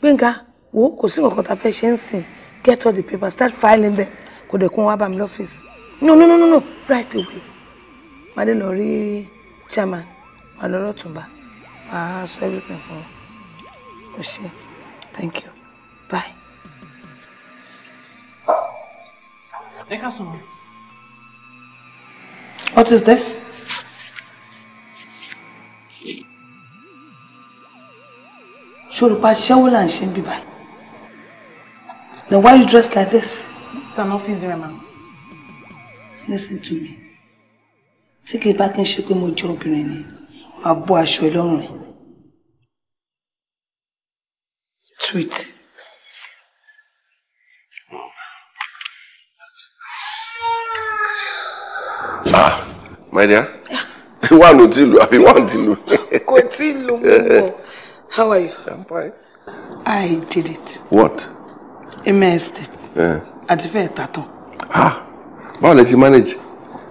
gbẹ̀ngà wo kò sí nǹkan tá a fẹ́ ṣe get all the papers start filing them kò dẹ̀ kún wá bá mi lọ́fíìsì no no no no no right away màá dé lọ chairman màá lọ rọ̀túnba màá sọ everything for ọ ṣe thank you bye. ẹ ká What is this? Shorupa Shawula and Shembi Bai. Then why you dressed like this? This is an office here, Listen to me. Take kìí back and shake ṣe pé mo jẹ́ obìnrin ni, màá bọ́ aṣọ Tweet. my dear (laughs) wà ló ti lù àbí wà ti lù. (laughs) how are you. i'm fine. i did it. what. eme estate. Eh. àti fẹ́ẹ̀ ta tán. ah how did you manage.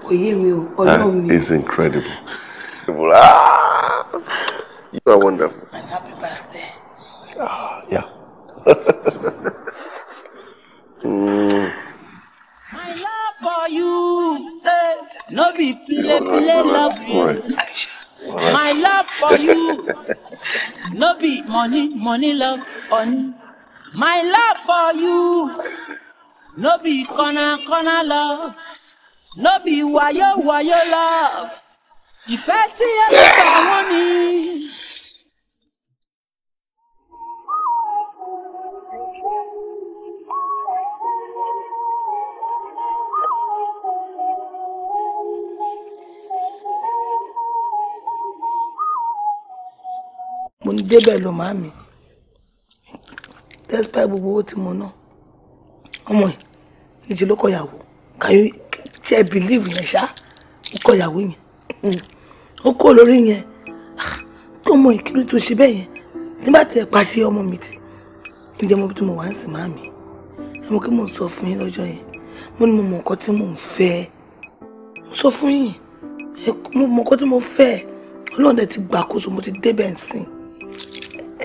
kò yé mi o ọlọ́run ah, ni. it's incredible. ah, you are wonderful. my happy birthday. ah yeah. mm. (laughs) my love for you. No be play play love you. My love for you. No be money money love on. My love for you. No be corner corner love. No be wayo wayo love. Ìfẹ́ tí ẹ lọ́kọ̀ àwọn ni. ń débẹ̀ lọ màá mi despite gbogbo owó tí mo ná ọmọ ẹ̀ níṣẹ ló kọyàwó kàyọ ṣe believe yẹn ṣá ó kọyàwó yẹn hmm. ó kó lórí yẹn ah, tó mọ ìkíni tó ṣe bẹ́ẹ̀ yẹn nígbà tí ẹ pàṣẹ ọmọ mi ti ǹjẹ́ mo bí tí mo ń sìn máa mi ẹ mọ̀ kí mò sọ fún yín lọ́jọ́ yẹn mo ní mo mọ nǹkan tí mò ń fẹ́ mo sọ fún yín mo mọ nǹkan tí mo fẹ́ ọlọ́run dẹ̀ ti gbàkóso mo ti débẹ̀ ń sìn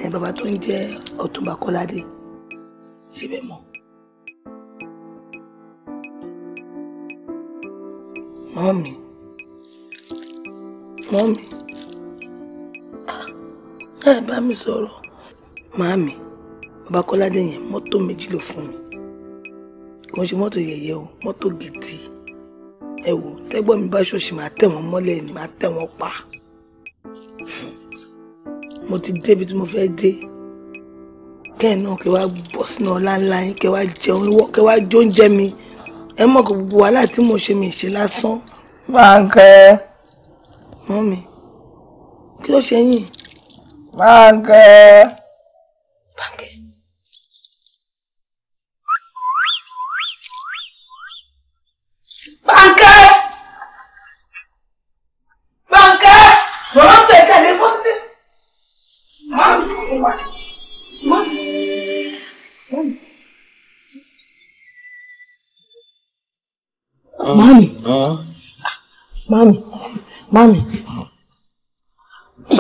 ẹ bàbá tó ń jẹ́ ọ̀túnba kọ́ládé ṣe bẹ́ẹ̀ mọ̀. mọ́mì mọ́mì ah, ẹ bá mi sọ̀rọ̀ màámi bàbá kọ́ládé yẹn mọ́tò méjì ló fún mi kò ń ṣe mọ́tò yẹ̀yẹ́ o mọ́tò gidi ẹ wò tẹ́gbọ́n mi bá ṣòṣì máa tẹ̀ wọ́n mọ́lẹ̀ ni máa tẹ̀ wọ́n pa mo ti débi tí mo fẹ́ dé kẹ́ẹ̀ náà kẹ́ wá bọ́ sínú ọlá ńlá yín kẹ́ wá jẹun lọ́wọ́ kẹ́ wá jó oúnjẹ mi ẹ mọ̀ kó gbogbo wàhálà tí mo ṣe mi ṣe lásán. Báńkẹ́. Mọ́mì kí ló ṣe yín? Báńkẹ́. Báńkẹ́. Báńkẹ́. fún wa. Mami. Mami. Mami.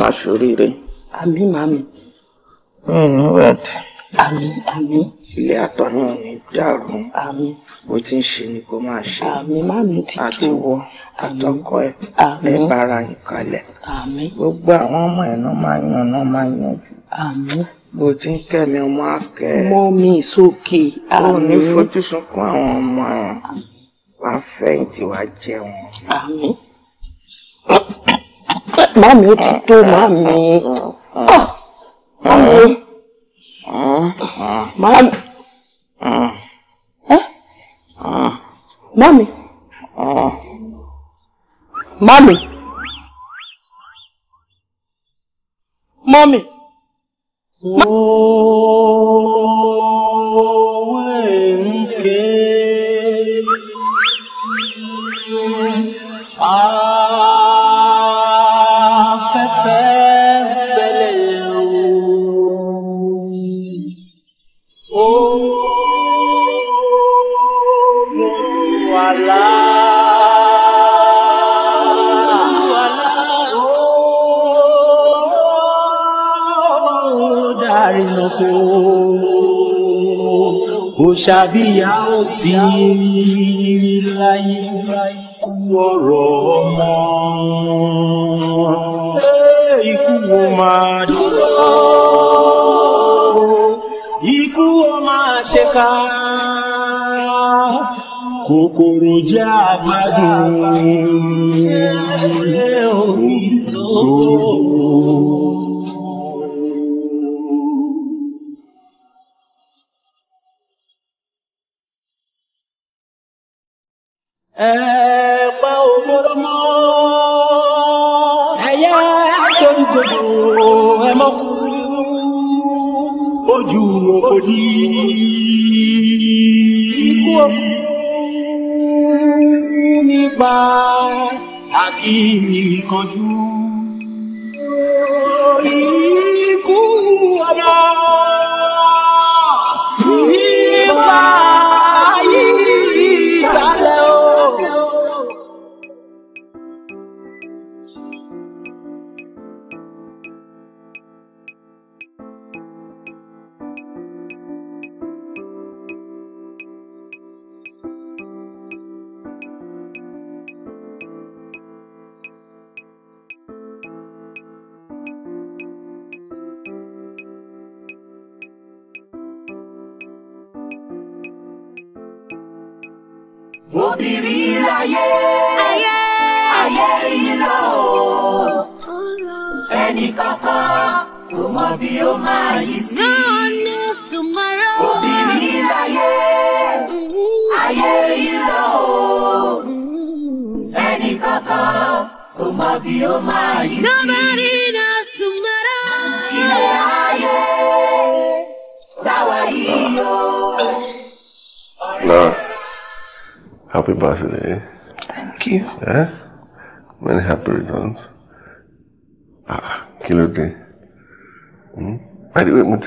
Aṣoríire. Ah. Àmín mami. Ẹ̀yin wẹ̀t. Àmín àmín. Ilé àtọ̀ náà ní dàrú. Àmín bó ti ń ṣe ni kó máa ṣe àtiwọ àtọkọ ẹ ẹ bára yín kalẹ̀ gbogbo àwọn ọmọ ẹ náà máa yan náà máa yanjú bó ti ń kẹmi ọmọ akẹ mọ mi sókè ó ní fojú sunkún àwọn ọmọ ẹ wàá fẹ̀yìntì wàá jẹun. Màmí ó ti tó Màmí. Màmí. Mami. Ah. Mami. Mami. Oh. ṣàbíyá ó sí láyé ikú ọ̀rọ̀ ọmọ ikú wo máa dúró ikú wo máa ṣe ká kòkòrò jẹ́ àgbàdo tó.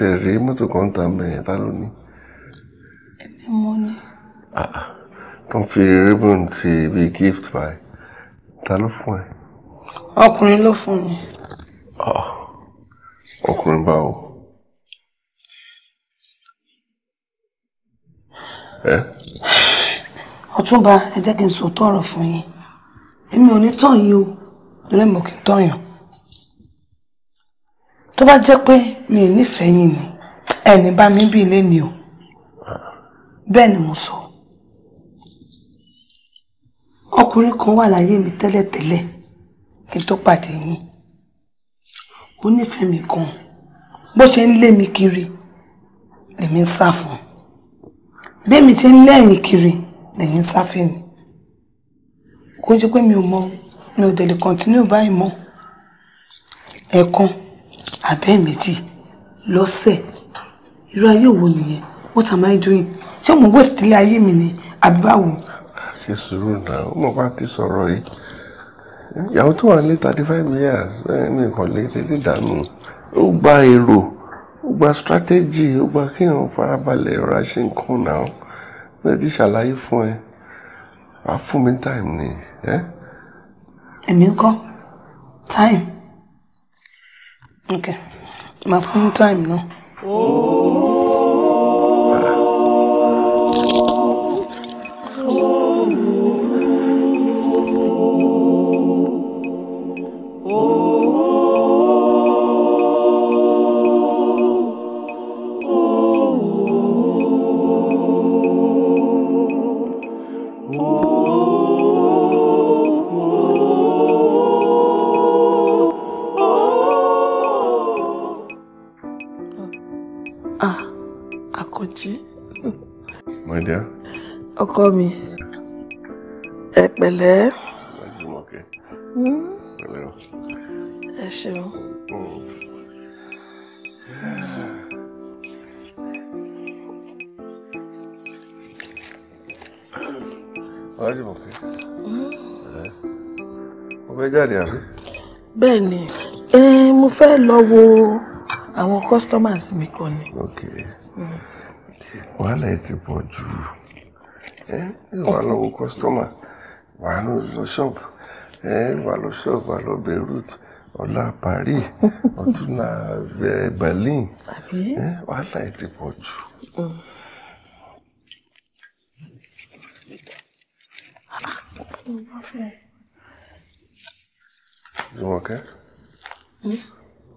ṣe rí mọ́tò kan ta mẹ́rin ta ló ní. ẹni mo ní. tó ń fi ribbon ti ibi gift báyìí ta ló fún ẹ. ọkùnrin ló fún mi. ọkùnrin báwo. ọ̀túnba ẹ jẹ́ kí n sòótọ́ ọ̀rọ̀ fún yín èmi ò ní tàn yín o lọ́lẹ́mọ̀ kí n tàn yàn tó bá jẹ́ pé mi ò nífẹ̀ẹ́ yín ni ẹni bá mi bí ilé ni o bẹ́ẹ̀ ni mo sọ ọkùnrin kan wà láyé mi tẹ́lẹ̀tẹ́lẹ̀ kí n tó pàdé yín ó nífẹ̀ẹ́ mi gan bó ṣe ń lé mi kiri lèmi ń sá fún bẹ́ẹ̀mi ti ń lẹ́yìn kiri lèyìn ń sá fún mi kó jẹ́ pé mi ò mọ mi ò dẹ̀ lè kọ́ntínú báyìí mọ́ ẹ̀ẹ̀kan abẹ́ẹ̀méjì lọ́sẹ̀ irú ayé wo nìyẹn what am I doing ṣé mo waste ilé ayé mi ni àbí báwo. ṣe sùúrù náà ó mọ̀ bá ti sọ̀rọ̀ yìí ìyàwó tó wà ní thirty five years mi kàn lè lè dànù ó gba èrò ó gba strategy ó gba kéèyàn farabalẹ̀ ọ̀rá ṣe nǹkan náà ó ti ṣàlàyé fún ẹ wàá fún mi time ni. èmi ń kọ́ time. Okay, my phone time now. Oh. pẹ̀lẹ́. Ajúmọ̀kẹ́. Pẹ̀lẹ́ o. Hmm? Ẹ ṣeun. Ajúmọ̀kẹ́. Hmm? Mo fẹ́ jáde àbí? Bẹ́ẹ̀ni, mo fẹ́ lọ wo àwọn customers mi kan ni. Hmm. Wàhálà ẹ ti pọ̀ jù. Ẹ wà lọ wo customer wà á lọ ṣọ́ọ̀bù ẹ wà lọ ṣọ́ọ̀bù wà lọ ọ̀la Paris (laughs) ọ̀túnla Berlin ẹ wàhálà ẹ ti pọ̀ jù. Mm. Jùmọ̀kẹ́ mm.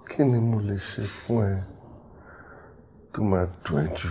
kí ni mo lè ṣe fún ẹ tó máa dùn ẹ́ jù.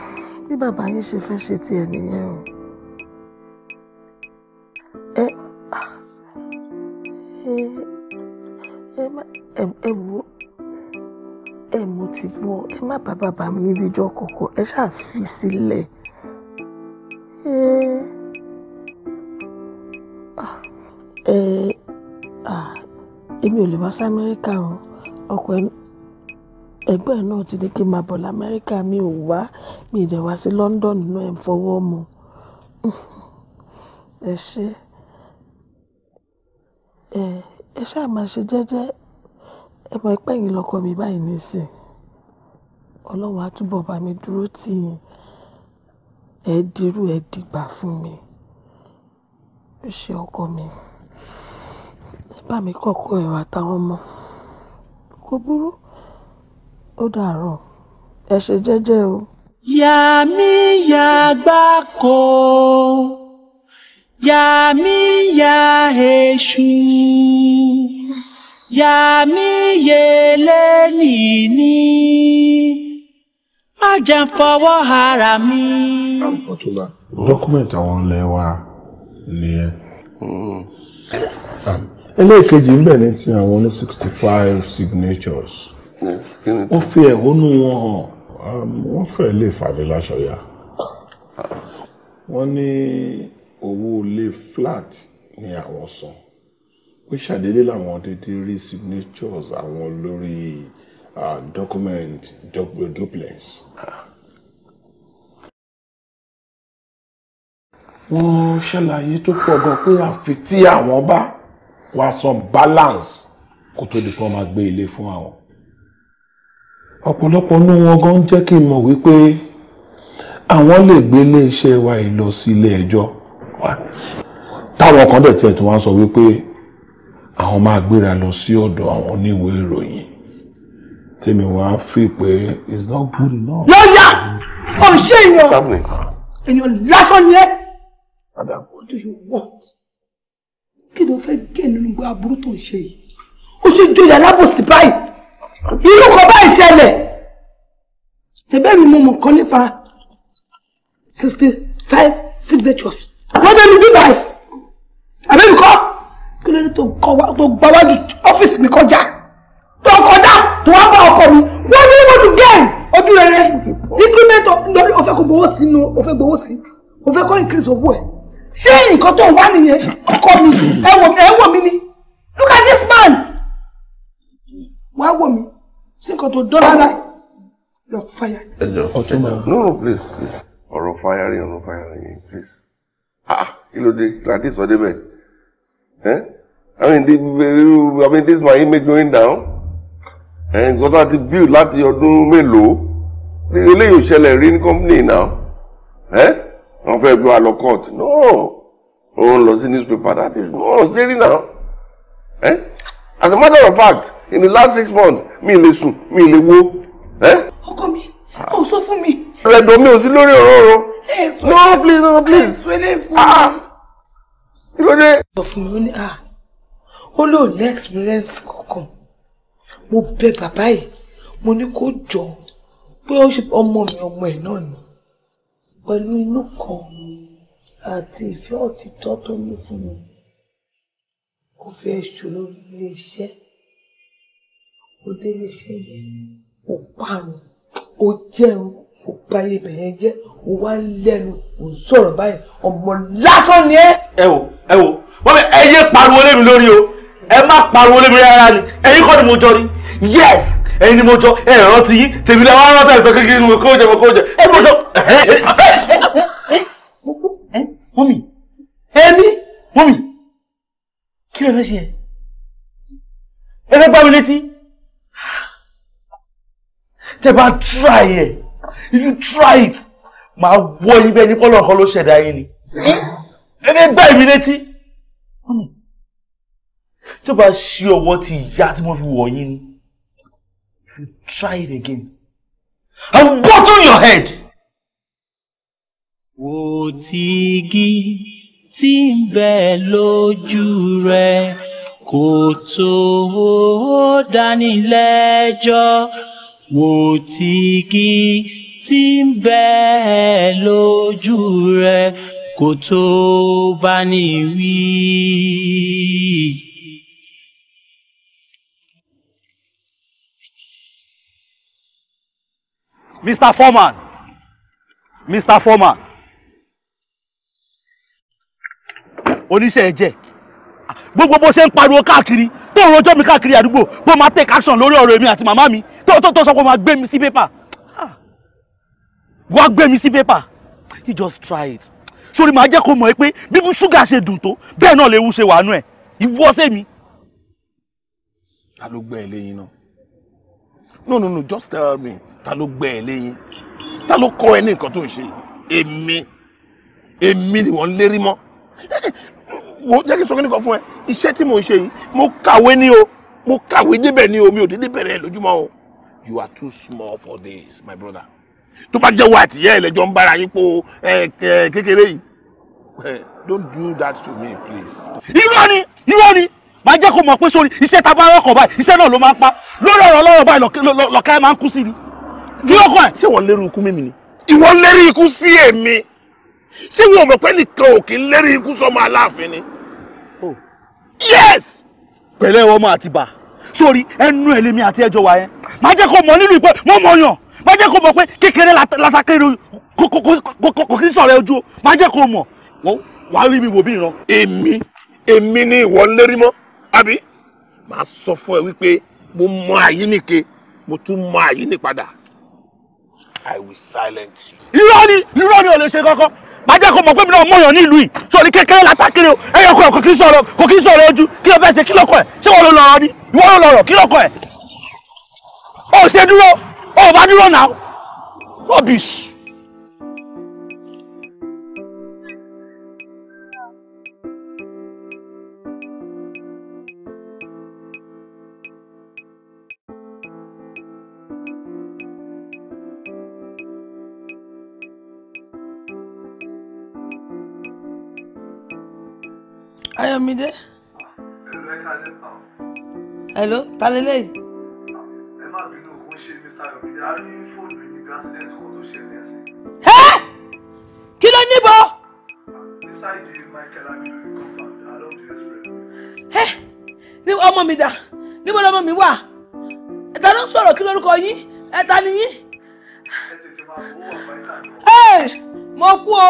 bí bàbá yín ṣe fẹ́ ṣe tiẹ̀ nìyẹn o ẹ ẹ ẹ ẹ wo ẹ mo ti gbọ́ ẹ má bá bàbá mi níbijọ́ kọ̀ọ̀kan ẹ ṣáà fi sílẹ̀ ẹ ẹ èmi ò lè wá sí Amẹ́ríkà o ọkọ ẹ ẹ̀gbọ́n náà ti ní kí n máa bọ̀ lamẹ́ríkà mi ò wá mi ì dẹ̀ wá sí London náà ẹ̀ ń fọwọ́ mu (laughs) ẹ ṣe ẹ ẹ ṣáà máa ṣe jẹ́jẹ́ ẹ mọ̀ pé ẹ̀yin lọ́kọ mi báyìí nísìn ọlọ́run á túbọ̀ bá mi dúró tì yín ẹ dirú ẹ dìgbà fún mi ó ṣe ọkọ mi ẹ bá mi kọ́kọ́ ẹ̀rọ àtàwọn ọmọ kò burú ó dàárọ̀ ẹ ṣe jẹ́jẹ́ o. yà mí yà gbáko yà mí yà èṣù yà mí yè lẹ́nìíní má jẹ́ fọwọ́ ara mi. dọ́kúmẹ̀ntì àwọn ilẹ̀ wa nìyẹn hmm. ẹlẹ́ẹ̀kejì ń bẹ ní ti àwọn ní sixty five signatures ó fi ẹ̀hónú wọn hàn. Um, wọ́n fẹ́ lè fà mí láṣọ ya. wọ́n ní owó ilé flat ni àwọn san pé ṣàdédé làwọn dédé rí signatures àwọn lórí document duplex. wọ́n ṣàlàyé tó pọ̀ gan pé àfi tí àwọn bá wá san balance kó tó di pé wọ́n máa gbé ilé fún àwọn ọ̀pọ̀lọpọ̀ nínú wọn gan jẹ́ kí n mọ̀ wípé àwọn lè gbé iléeṣẹ́ wa yìí lọ sí ilé ẹjọ́ táwọn kan dẹ̀ tiẹ̀ tí wọ́n sọ wípé àwọn máa gbéra lọ sí ọ̀dọ̀ àwọn oníwèé ìròyìn tèmi wá fi pé it's not good enough. lọ́yà ọ̀ṣẹ́ èèyàn èèyàn lásán ni ẹ́ O do you want kí ló fẹ́ gé nínú gbọ́ aburú tó ń ṣe yìí ó ṣe jọyà lábòsí báyìí irú kan bá ìṣẹ̀lẹ̀ tẹ̀bẹ́rù mo mọ̀ kan nípa sixty five signatures wọ́n dẹ́nu bíbá ẹ̀ àbẹ́mi kọ́ kí ló dé tó gbáwájú ọ́fíìsì mi kọjá tó kọjá tó wá bá ọkọ mi wọ́n ní wọ́n tún gẹ́ẹ̀ ọdún rẹ̀ increment lórí ó fẹ́ kó gbowó sí inú ó fẹ́ gbowó sí ó fẹ́ kó increase owó ẹ̀ ṣé nǹkan tó wà nìyẹn ọkọ mi ẹ wò mí ni look at this man wá wò mí sí nǹkan tó dán lára ẹ̀ fáyà. ẹ jọ ọtún máa no no please please ọ̀rọ̀ fáyàrí ọ̀rọ̀ fáyàrí yẹn please ah kí ló dé láti sọ débẹ̀ ẹ́ I mean this I mean this my image going down ẹ̀ nǹkan tá a ti build láti ọdún mélòó eléyìí ò ṣẹlẹ̀ rí ní company now ẹ́ wọ́n fẹ́ gbé wa lọ court no òun lọ sí newspaper that is no jerry now ẹ́ as a matter of fact in the last six months mi lè sùn mi lè wo. ọkọ mi ò sọ fún mi. rẹ̀dọ̀ mi ò sí lórí òróró. no please no please. ẹ̀sùn kí ló dé. sọ fún mi ó ní ah ó lóò ní experience kankan mo bẹ bàbá yìí mo ní kó jọ pé ọmọ mi ọmọ ẹ̀ náà ni pẹ̀lú inú kan àti ìfẹ́ òtítọ́ tó ní fún mi ó fẹ́ ṣòro ilé iṣẹ́ ó délé iṣẹ́ yẹn ó parun ó jẹun ó báyé bẹ̀yẹn jẹ́ ó wá lẹ́nu ó ń sọ̀rọ̀ báyìí ọmọ lásán ni ẹ. ẹ wo ẹ wo wọ́n bẹ ẹ yé pariwo lé mi lórí o ẹ má pariwo lé mi rárá ni ẹ̀yin kọ́ ni mo jọ ni yes ẹ̀yin ni mo jọ ẹ rántí yín tèmi náà wọ́n rántí àìsàn kékeré mi kó jẹ mo kó jẹ ẹ mo jọ. mọ́mì ẹni mọ́mì kí ló fẹ́ ṣe ẹ ẹ fẹ́ gbá mi létí tẹ́ bá try ẹ̀ if you try it máa wọ ibẹ̀ ní pọ́lọ́ nǹkan ló ṣẹ̀dá yín ni ẹni gbá èmi létí tó bá ṣe ọwọ́ ti ìyá tí mo fi wọ̀ yín ni if you try it again I will bottle your head. Wò tí igi tí ń bẹ lójú rẹ̀ kò tó dánilẹ́jọ́ wò tí kì tí ń bẹ lójú rẹ kó tó bá ní wí. Mr. Foreman, Mr. Foreman, oníṣẹ́ ẹ̀jẹ̀ gbogbo bó ṣe ń pariwo káàkiri tó ń rojọ́ mi káàkiri àdúgbò bó máa take action lórí ọ̀rọ̀ èmi àti màmá mi tó tó tó sọ pé o gbé mi sí pépà ah. wàá gbé mi sí pépà you just try it sórí màá jẹ́ kó mọ̀ pé bíbú ṣúgà ṣe dùn tó bẹ́ẹ̀ náà léwu ṣe wàánú ẹ̀ ìwọ sẹ́mi. ta ló gbẹ́ ẹ lẹ́yìn náà no no no just tell me ta ló gbẹ́ ẹ lẹ́yìn ta ló kọ́ ẹ ní nǹkan tó ń ṣe èmi èmi ni wọ́n lérí mọ́ wo jẹ́ kí n sọ kí nìkan fún ẹ iṣẹ́ tí mo ń ṣe yìí mo kàwé ní o mo kàwé débẹ̀ ní o mi ò dédé bẹ̀rẹ̀ lójúmọ́ o you are too small for this my brother tó bá jẹ́ wo àtìyẹ́ ẹlẹ́jọ́ ń bára yín po kékeré yìí eh, don't do that to me please. irọ́ ni irọ́ ni máa jẹ́ kó mọ̀ pé sórí iṣẹ́ ta bá rọ́kọ̀ báyìí iṣẹ́ náà ló máa pa lórí ọ̀rọ̀ lọ́rọ̀ báyìí lọ́ka ẹ̀ máa ń kú sí ni kí ló kọ́ ẹ̀. ṣé wọ́n lérí ikú mímì ni. ìwọ lérí ikú sí èmi ṣé wọn mọ̀ pé nìkan ò kí ń lérí ikú sọmọ aláàfin ni. Oh. yes. pẹ̀lẹ́ ọmọ àtibá sórí ẹnu ẹ̀ lèmi àti ẹjọ́ wa yẹn má jẹ́ kó mọ̀ nínú ìpè mo mọ̀ yàn má jẹ́ kó mọ̀ pé kékeré latakere kò kí sọ̀rọ̀ ojú o má jẹ́ kó mọ̀ wàá rí mi wò bí ìran. èmi èmi ni ìwọ ń lérí mọ́ àbí màá sọ fún ẹ wípé mo mọ àyíníke mo tún mọ àyíní padà i will silence you. irọ́ ni irọ́ ni ò lè ṣe kankan má jẹ́ kó mọ̀ pé mi náà mọ̀yàn nílùú yìí sórí kékeré látàkiri o ẹ̀yọ kọ̀ kò kí sọ̀rọ̀ kò kí sọ̀rọ̀ ojú kí ló fẹ́ ṣe kí lọ́kọ̀ ẹ̀ ṣé wọ́n ló lọ́rọ̀ ni ìwọ ló lọ́rọ̀ kí lọ́kọ̀ ẹ̀ o ṣe dúró o ò bá dúró náà rubbish. Ayọ̀mídé. Hello, ta lélẹ́yìí? Ẹ má bínú kó ṣe Mr. Ayọ̀mídé, a rí fóònù yìí bí accident kan tó ṣẹlẹ̀ sí. Ẹ́ kí ló níbo? Beside Michael Abidjan compound along the express. Ẹ́ ní ọmọ mi dà, níbo lọmọ mi wà? Ẹ̀ta ló ń sọ̀rọ̀ kí lórúkọ yín? Ẹ̀ta ni yín? Ẹ tètè máa fowó àpáyé tàbí. Ẹ́ mo kú o.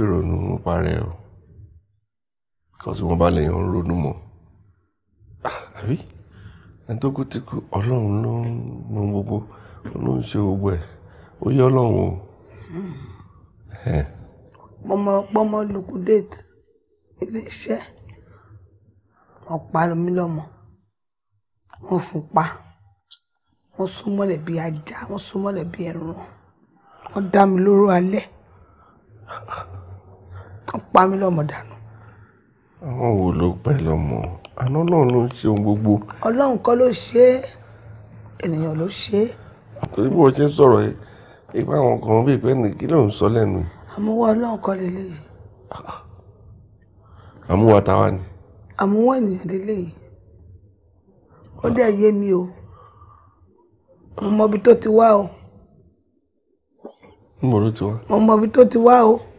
fi ronú nípa rẹ̀ o kọ́ tí wọ́n bá lè yàn ronú mọ́ ah, àbí ẹni tó kú ti kú ọlọ́run ló ń mọ gbogbo ló ń ṣe gbogbo ẹ̀ ó yẹ ọlọ́run o. pọmọ pọmọ lukudate iléeṣẹ́ wọ́n pa mí lọ́mọ wọ́n fún pa wọ́n sún mọ́lẹ̀ bíi ajá wọ́n sún mọ́lẹ̀ bíi ẹran wọ́n dá mi lóró alẹ́ pa mí lọ́mọ dànù. àwọn wo ló pẹ́ lọ́mọ àná náà ló ń ṣe ohun gbogbo. ọlọ́run kọ́ ló ṣe é ènìyàn ló ṣe é. àtòrí bí wọ́n ṣe ń sọ̀rọ̀ yìí ipa àwọn kan bíi pé ní kí ló ń sọ lẹ́nu. àmúwá ọlọ́run kọ́ leléyìí. àmúwá táwa ni. àmúwá ènìyàn leléyìí ó dẹ̀ yé mi o mo mọ ibi tó ti wá o. mo mọ ibi tó ti wá o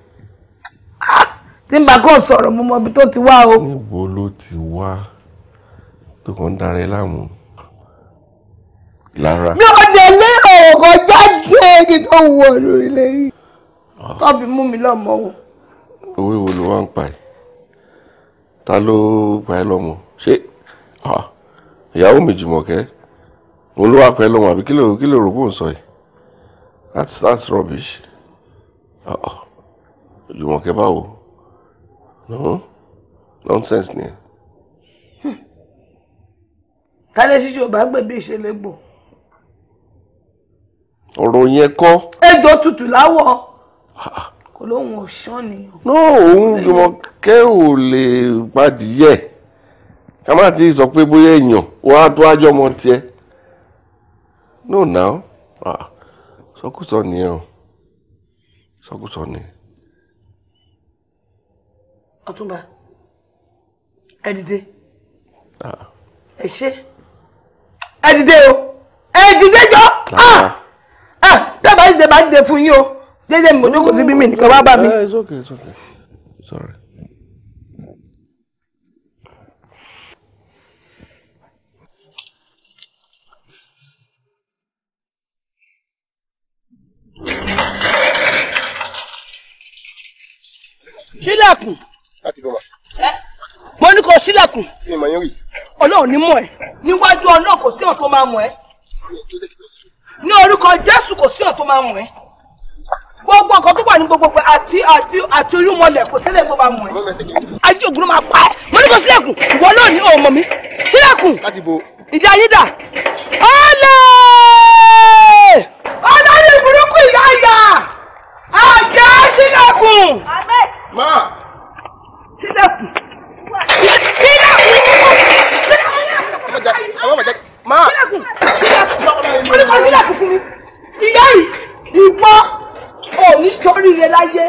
tí n bá kò sọ̀rọ̀ mo mọ ibi tó ti wá o. níbo ló ti wá tó kàn ń dára láàmú lára. mi ò dé lé ọ̀rọ̀ jáde kí tó wọ lórí lẹ́yìn tó mú mi lọ́mọ o. owó wo ló wá ń pa ẹ́ ta ló pa ẹ́ lọ́mọ ṣé ìyàwó mi Jùmọ̀kẹ́ òun ló wá pa ẹ́ lọ́mọ àbí kí ló kí ló rò ń sọ yìí that's that's rubbish Jùmọ̀kẹ́ báwo. No hmm? nonsense ni. kálẹ̀ ṣíṣe ò bá gbẹ̀bí ìṣẹ̀lẹ̀ gbò. ọ̀rọ̀ yẹn kọ́. ẹjọ́ tutù láwọ̀ kò lóun ò ṣán nìyàn. òun gbọmọ kẹ́ ò lè padìyẹ ká má ti sọ pé bóyá èèyàn wọn á tó ájọ ọmọ tiẹ̀ no now ah, sọkúsọ nìyẹn o sọkúsọ nìyẹn ọ̀túnba ẹ Ah. ẹ ṣe ẹ dìde o Ah. Ah. jọ ah, dábàá dìde bá dìde fún yín o dédé mi jókòó síbí mi nìkan wá bá mi. Eh, it's okay, it's okay. Sorry. sílẹ̀kùn láti bọ̀ mọ́. mo ní kó sílẹ̀kùn. kí ni mọ̀ yín wì. ọlọ́run ní mọ̀ ẹ́ níwájú ọlọ́run kò sí ọ̀tún máa mọ̀ ẹ́ ní orúkọ jésù kò sí ọ̀tún máa mọ̀ ẹ́ gbogbo nǹkan tó wà ní gbogbo pé àti àti àti olúmọlẹ̀ kò sílẹ̀ gbogbo àmọ́ ẹ̀ ajé ògùn máa pa ẹ́ mo ní kó sílẹ̀kùn ìwọ náà ní ọmọ mi sílẹ̀kùn ìdí ayé dà ọ̀lẹ́ ọ̀lẹ́ ní burúkú ìyá ìyá àjẹ́ sílẹ̀kùn. Ma sílẹ̀kùn sílẹ̀kùn máa sílẹ̀kùn sílẹ̀kùn oníkọ sílẹ̀kùn fún mi ìyá yìí ìwọ òní toríire láyé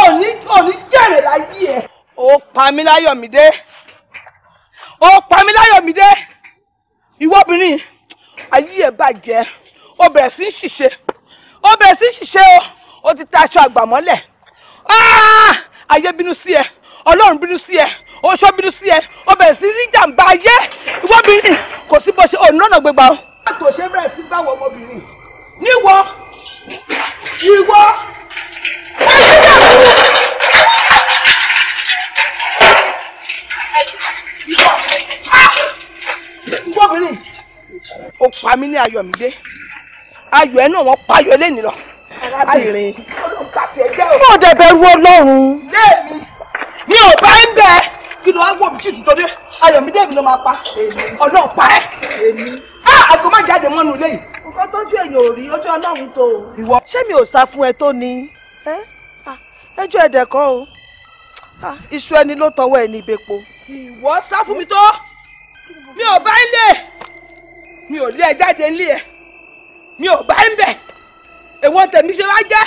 òní òní jèrè láyé ẹ. ó pa mí láyọ̀mídé ó pa mí láyọ̀mídé ìwọ obìnrin ayé ẹ bàjẹ́ ó bẹ̀rẹ̀ sí í ṣiṣẹ́ ó bẹ̀rẹ̀ sí í ṣiṣẹ́ o ó ti ta aṣọ àgbàmọ́lẹ̀. Ah! ayé bínú sí ẹ ọlọ́run bínú sí ẹ oṣó bínú sí ẹ ó bẹ̀rẹ̀ sí rí jàǹbá ayé ìwọ́bìnrin kò sí bó ṣe òun lọ́nà gbégbá o. àtò ṣe bẹ̀rẹ̀ sí báwọn ọmọbìnrin níwọ ìwọ ìwọ́bìnrin ó pa mí ní ayọ̀mídé ayọ̀ ẹ náà wọ́n payọ̀ lẹ́nìí lọ arábìnrin mo dẹ̀ bẹ̀rù ọlọ́run. léèmi mi ò bá ń bẹ kí ló wá wò mí kí ìsìn tó dé ayọ̀mídé mi ló máa pa ọlọ́ọ̀pá ẹ̀ àgọ́ má jáde mọ́nu ilé yìí. nǹkan tójú èèyàn ò rí ojú ọlọ́run tó o. ìwọ. ṣé mi ò sá fún ẹ tó ni ẹjọ́ ẹ̀dẹ̀ kọ́ o iṣu ẹni ló tọwọ́ ẹni ìbẹ́po. ìwọ sá fún mi tó mi ò bá ń lè mi ò lé ẹ jáde ńlé ẹ mi ò bá ń bẹ̀ èwo tèmi ṣe wá jẹ́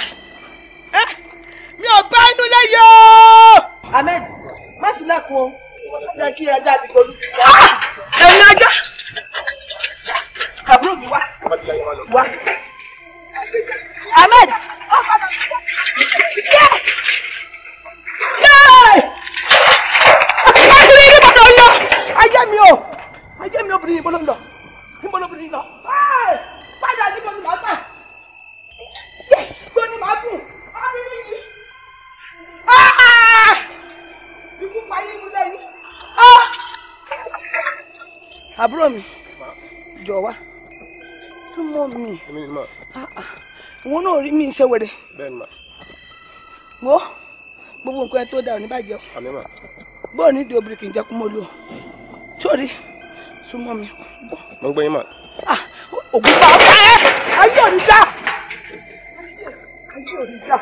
mi ò bá inú lẹ́yọ̀. ahmed má ṣílẹ̀kùn o ṣe kí ajá ti gbólú. ẹ̀yin ajá àbúrò mi wá wá ahmed. Ah, àbúrò mi jọ wá súnmọ́ mi ah, ah. wọn náà rí mi ṣe wèrè wo gbogbo nǹkan tó dà ò ní bàjẹ́ o ní di obìnrin kì í jẹ́ kó mo lò sórí súnmọ́ mi. mo ń gbé yín mà. Ah, ògùn pa ọ́ ayé òní dá ayé òní dá.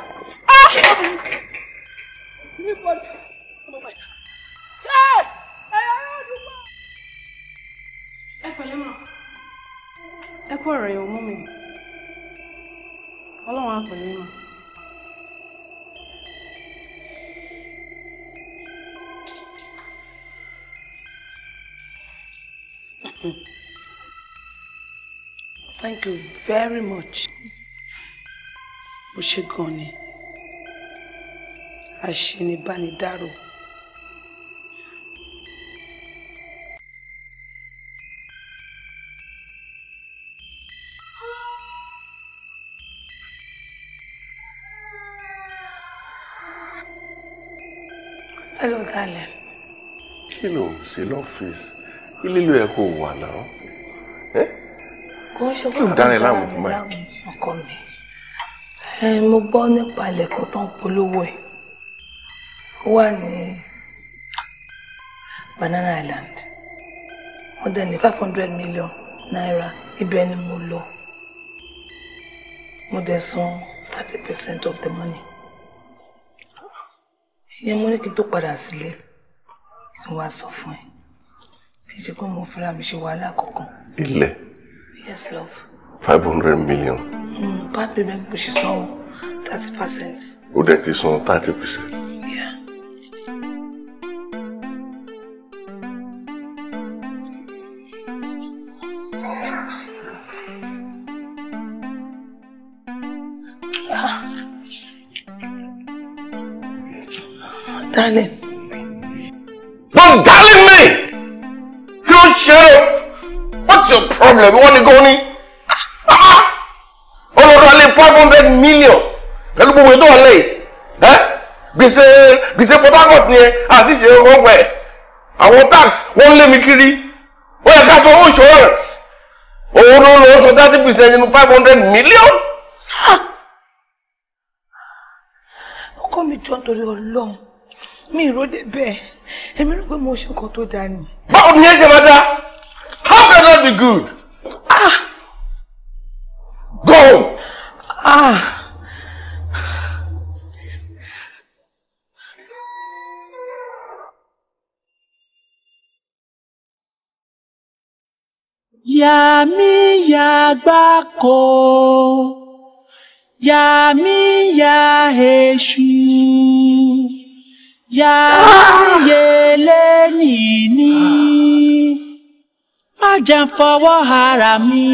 thank you very much bó ṣe gan ni àṣenibánidárò. Hello, darling. Kí ló ń ṣe lọ́fíìsì? Ilé ló yẹ kó wà náà kí n dára ẹ láàmú fún báyìí. ọkọ mo gbọ́ nípa ilẹ̀kùn tó ń polówó ẹ̀ wà ní Banana Island wọ́n dẹ̀ ní five hundred million naira ibẹ̀ ni mo lọ mo dẹ̀ san thirty percent of the money ìyẹn mo ní kí n tó padà sílé kí n wá sọ fún ẹ kì í ṣe pé mo fẹ́ra mi ṣe wàhálà kankan. ilẹ̀. Yes, love. Five hundred million. Mm, part payment which is now thirty percent. Ó dẹ̀ ti san thirty percent. Yeah. Ah. Darling. Don't darling me! You should What's your problem? Why WhatsApp yẹn àti ṣe ọgbà ẹ̀ àwọn tax wọ́n lé mi kiri ó yẹ ká sọ insurance òun ló lọ sọ thirty percent nínú five hundred million. ọkọ mi jọ nítorí Ọlọ́run mi ìròdè bẹ́ẹ̀ èmi rò pé mo ṣe nǹkan tó dáa ni. báwo ni ẹ ṣe máa dá how can that be good. ah. go. ah. Yà mí yàgbákò, yà mí yà èṣù, yà mí yẹlé nìní, má jẹ́ fọwọ́ ara mi,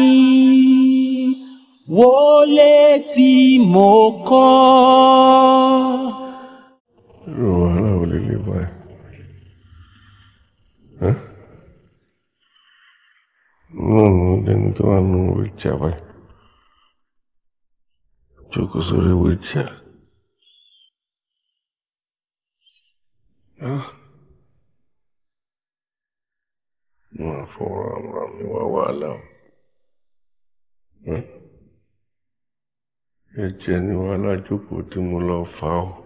wọlé tí mo kọ́. náà ló lẹni tó wà nínú wíìchà báyìí jókòó sórí wíìchà. máa fọwọ́ ara mi wá wàhálà ẹ jẹ́ ní wàhálà jókòó tí mo lọ fà á o.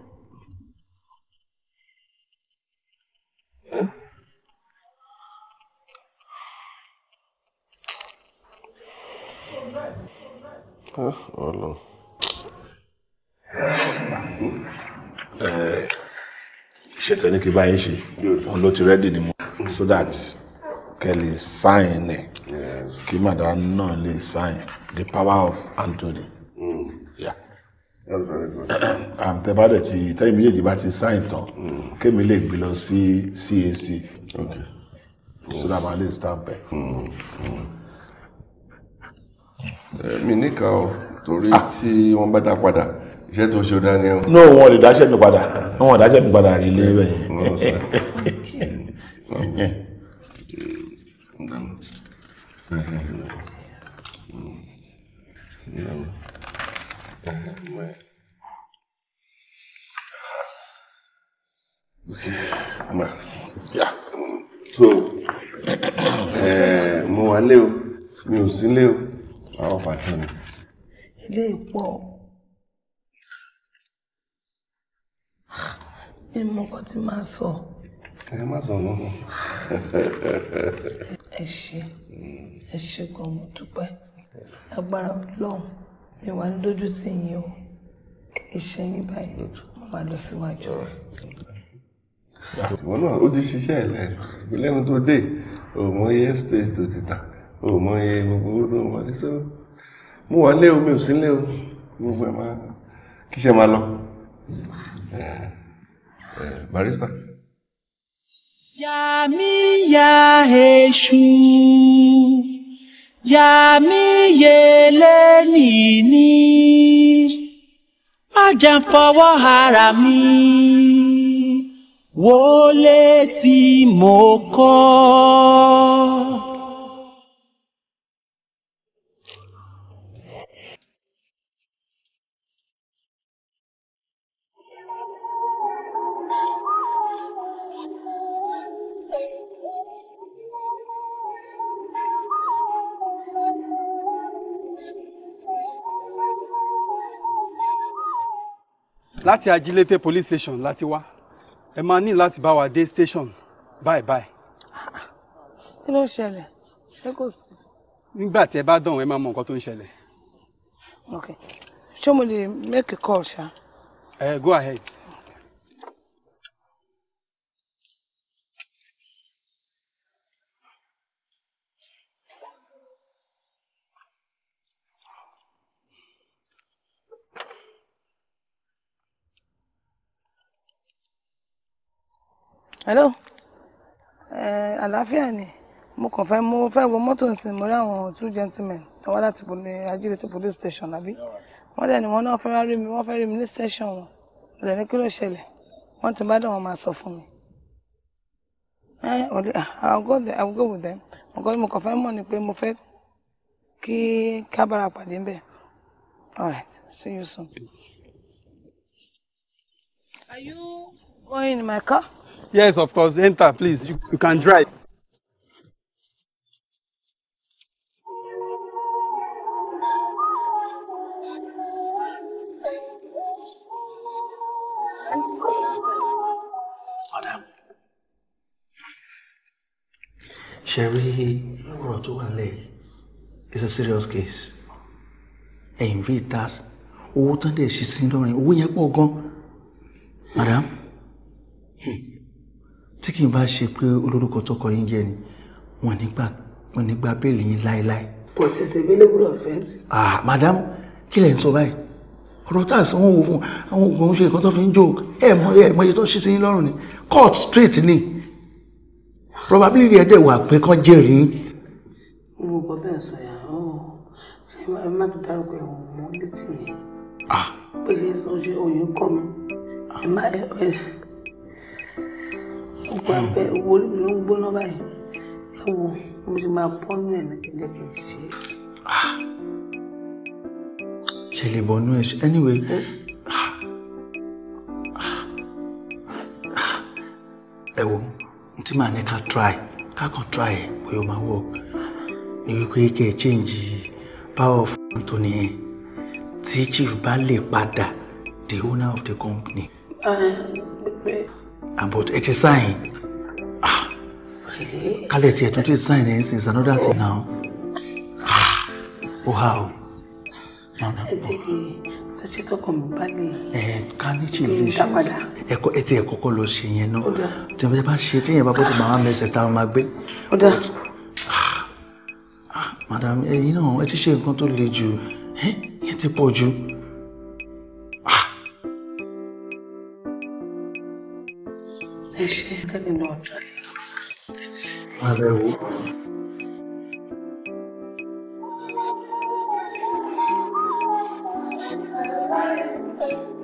Ah, Ọlọ́run. ìṣètò ní kí báyìí ṣe òun ló ti rẹ́dì ni mo so that Kelly sign ne. kí madam náà lè sign the power of Anthony. àǹtẹ̀ mm. (clears throat) bá dẹ̀ ti tẹ́yìn méjèèjì bá ti sign tán mm. kémi lè gbé lọ sí CAC so that my list stamp ẹ̀. Mm. Mm mi níkà o torí ah. tí wọ́n bá dá padà iṣẹ́ tó ṣe dá ní ọ. wọn lè dáṣẹ́ mi padà wọn dáṣẹ́ mi padà rí ilé bẹ́ẹ̀. Okay. mo wà lé o, mi ò sí lé o àwọn pàtó ni. ilé ìpọ mi mọ nǹkan tí màá sọ. ẹ má sọ lọ́wọ́. ẹ ṣe ẹ ṣe gan mo dúpẹ́ agbára ọlọ́run mi wà ní dójú tì yín o iṣẹ́ yín báyìí mo máa lọ síwájú ìwọ náà ó ti ṣiṣẹ́ ẹ̀ lẹ́nu tó dé òmọ iye stage tó ti tà òmọ iye gbogbo tó mọ ní sọ́wọ́ mo wà lé omi ò sí lé o gbogbo ẹ̀ máa kí lọ barista. yàmi ya èṣù yàmi yẹlẹ nìní má jẹ́ fọwọ́ ara mi wọlé tí mo kọ́. láti ajílété police station láti wá ẹ máa ní láti bá wa dé station báyìí báyìí. kí ló ń ṣẹlẹ̀ ṣé kò sí. nígbà tí ẹ bá dán ẹ máa mọ nǹkan tó ń ṣẹlẹ̀. ok ṣé mo lè make a call ṣá. ẹ eh, go ahead. hello ẹ àlàáfíà ni mo kàn fẹ́ mo fẹ́ wo mọ́tò nsìn mo rí àwọn two gentlemen tó wá láti ajílẹ̀tò police station àbí wọ́n dẹ̀ ni wọ́n náà fẹ́ rí mi wọ́n fẹ́ rí mi ní station wọn mo dẹ̀ ní kí ló ṣẹlẹ̀ wọ́n ti bá dẹ̀ wọ́n máa sọ fún mi. Ah, I'll go there, I'll go with them nǹkan tí mo kàn fẹ́ mọ̀ ni pé mo fẹ́ kí kábàárà pàdé ń bẹ̀ all right see you soon. Are you Go in my car? Yes, of course. Enter, please. You, you can drive. ṣe rí ọ̀rọ̀ tó wà lẹ́yìn it's a serious case And rí ìtas owó tán dẹ̀ ṣí sí lọ́rin owó yẹn pọ̀ gan madam tí kì í bá ṣe pé olórúkọ tọkọ yín jẹ ni wọn nígbà wọn nígbà béèlì yín láéláé. but it's a available offence. ah madam kí lẹ̀ ń sọ báyìí ọ̀rọ̀ tá à sanwó owó fún àwọn oògùn oúnjẹ nǹkan tó fi ń joke ẹ mọ ẹ mọ iye tó ṣe sí yín lọ́rùn ni court straight ni probability ẹ̀ dẹ̀ wà pé kán jẹ́rìí. owó kan tẹ̀ sọ yà ó ṣe ẹ má tó dárúkọ ẹ̀wọ̀n mọ́ létí mi bó ṣe sọ ṣe òye kọ́ mi ẹ má ẹ ẹ ó gbà bẹ́ẹ̀ owó ló ń gbóná báyìí ẹ wo mo ti máa bọ́nú ẹ̀ nìkẹ́jẹ́ kì ṣe. Ah. ṣe lè bọ́nú ẹ̀ anyway. ẹ wo tí màá ní ká try ká kàn try ẹ pé ó máa work ní wípé kẹ́ ẹ change power of Anthony yẹn tí chief bá lè padà the owner of the company. Uh, about ah. ẹ ti sign ah kálẹ̀ tiẹ̀ tún is sign ẹ̀ is another thing now ah ó hà ó. ẹ jẹ́ kí tọ́jú tọkàn mi bá lè. ẹ eh, ká ní ṣe lè ṣe ẹkọ ẹ ti ẹkọkọ lọ ṣe yẹn náà tí wọn bá ṣe tí yẹn bá bọ́ sí màmá mẹsẹ̀ táwọn máa gbé. Ah. Ah, madam ẹyin eh, náà ẹ ti ṣe nǹkan tó le jù eh, ẹ ẹ ti pọ̀ jù. ẹ Thank you.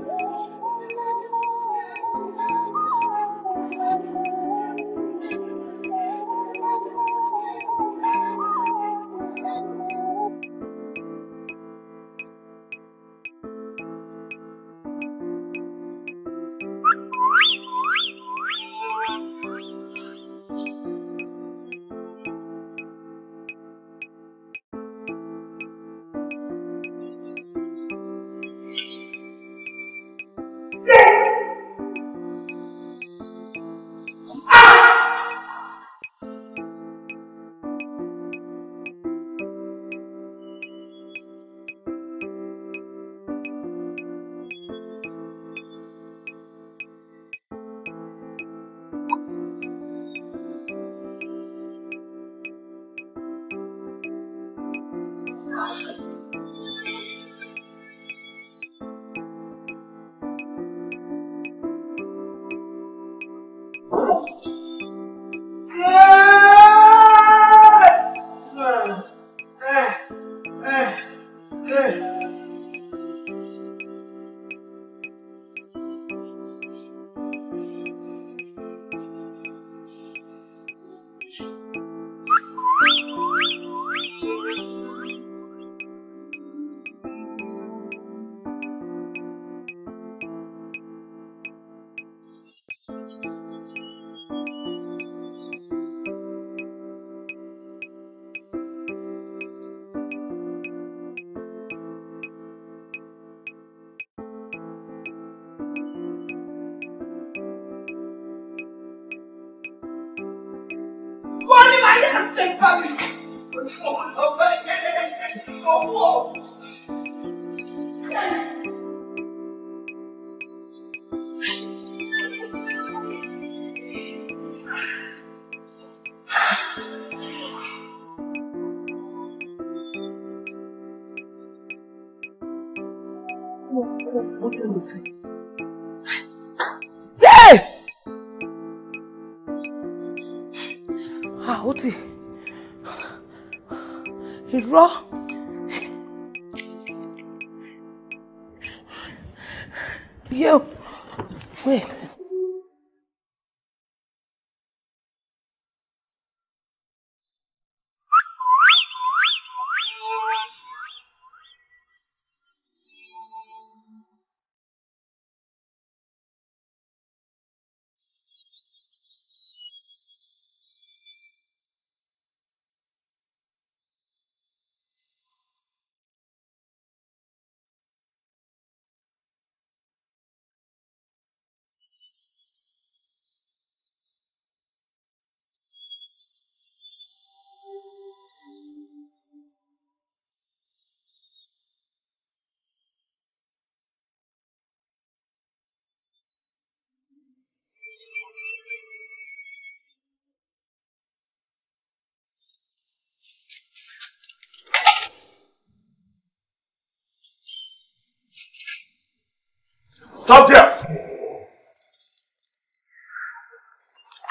Stop there!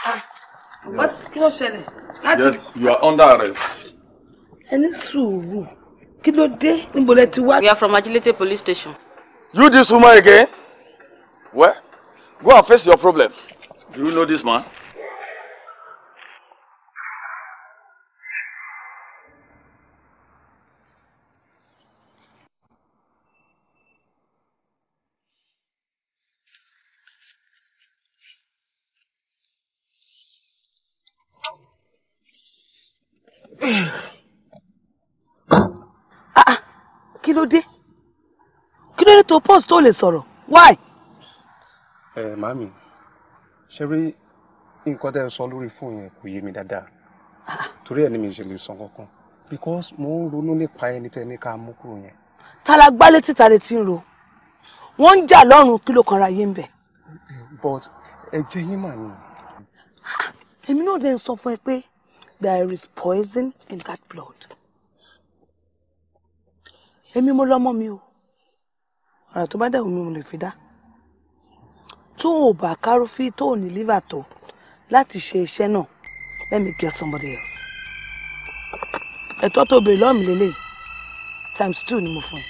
Ah, what? Kí ló ṣẹlẹ̀? Láti. Yes, you are under arrest. Any ní sùúrù. de ló dé? We are from Agility police station. You this woman again? Where? go and face your problem. Do you know this man? suppose tó lè sọ̀rọ̀ why. ẹ màmí ṣe rí nǹkan tẹ́ ẹ sọ lórí fóònù yẹn kò yé mi dáadáa torí ẹ̀ ní mi ṣe lè san kankan because mo ń ronú nípa ẹni tẹ́ ní ká mú kúrò yẹn. tala gbálé títa lè ti ń ro wọ́n ń jà lọ́rùn kí ló kan ra yé bẹ̀. but ẹ jẹ́ yín mà ni. èmi náà dẹ̀ ń sọ fún ẹ pé there is poison in that blood. èmi mo lọ́mọ mi o ọ̀rọ̀ tó bá dẹ̀ omi mo lè fi dá tó o bá kárọ́fì tó o ní liver tó láti ṣe iṣẹ́ náà let me get somebody else ẹ̀tọ́ tó bèrè lọ́ọ̀mì lélẹ̀ times two ni mo fún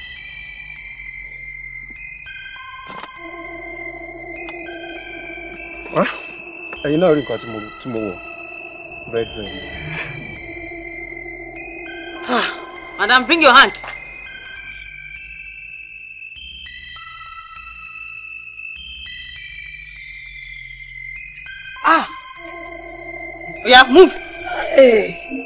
un. ẹ̀yin náà rí nǹkan tí mo wọ̀ bẹ́ẹ̀ bẹ́ẹ̀. Ah, madam bring your hand. Yeah, move. Hey.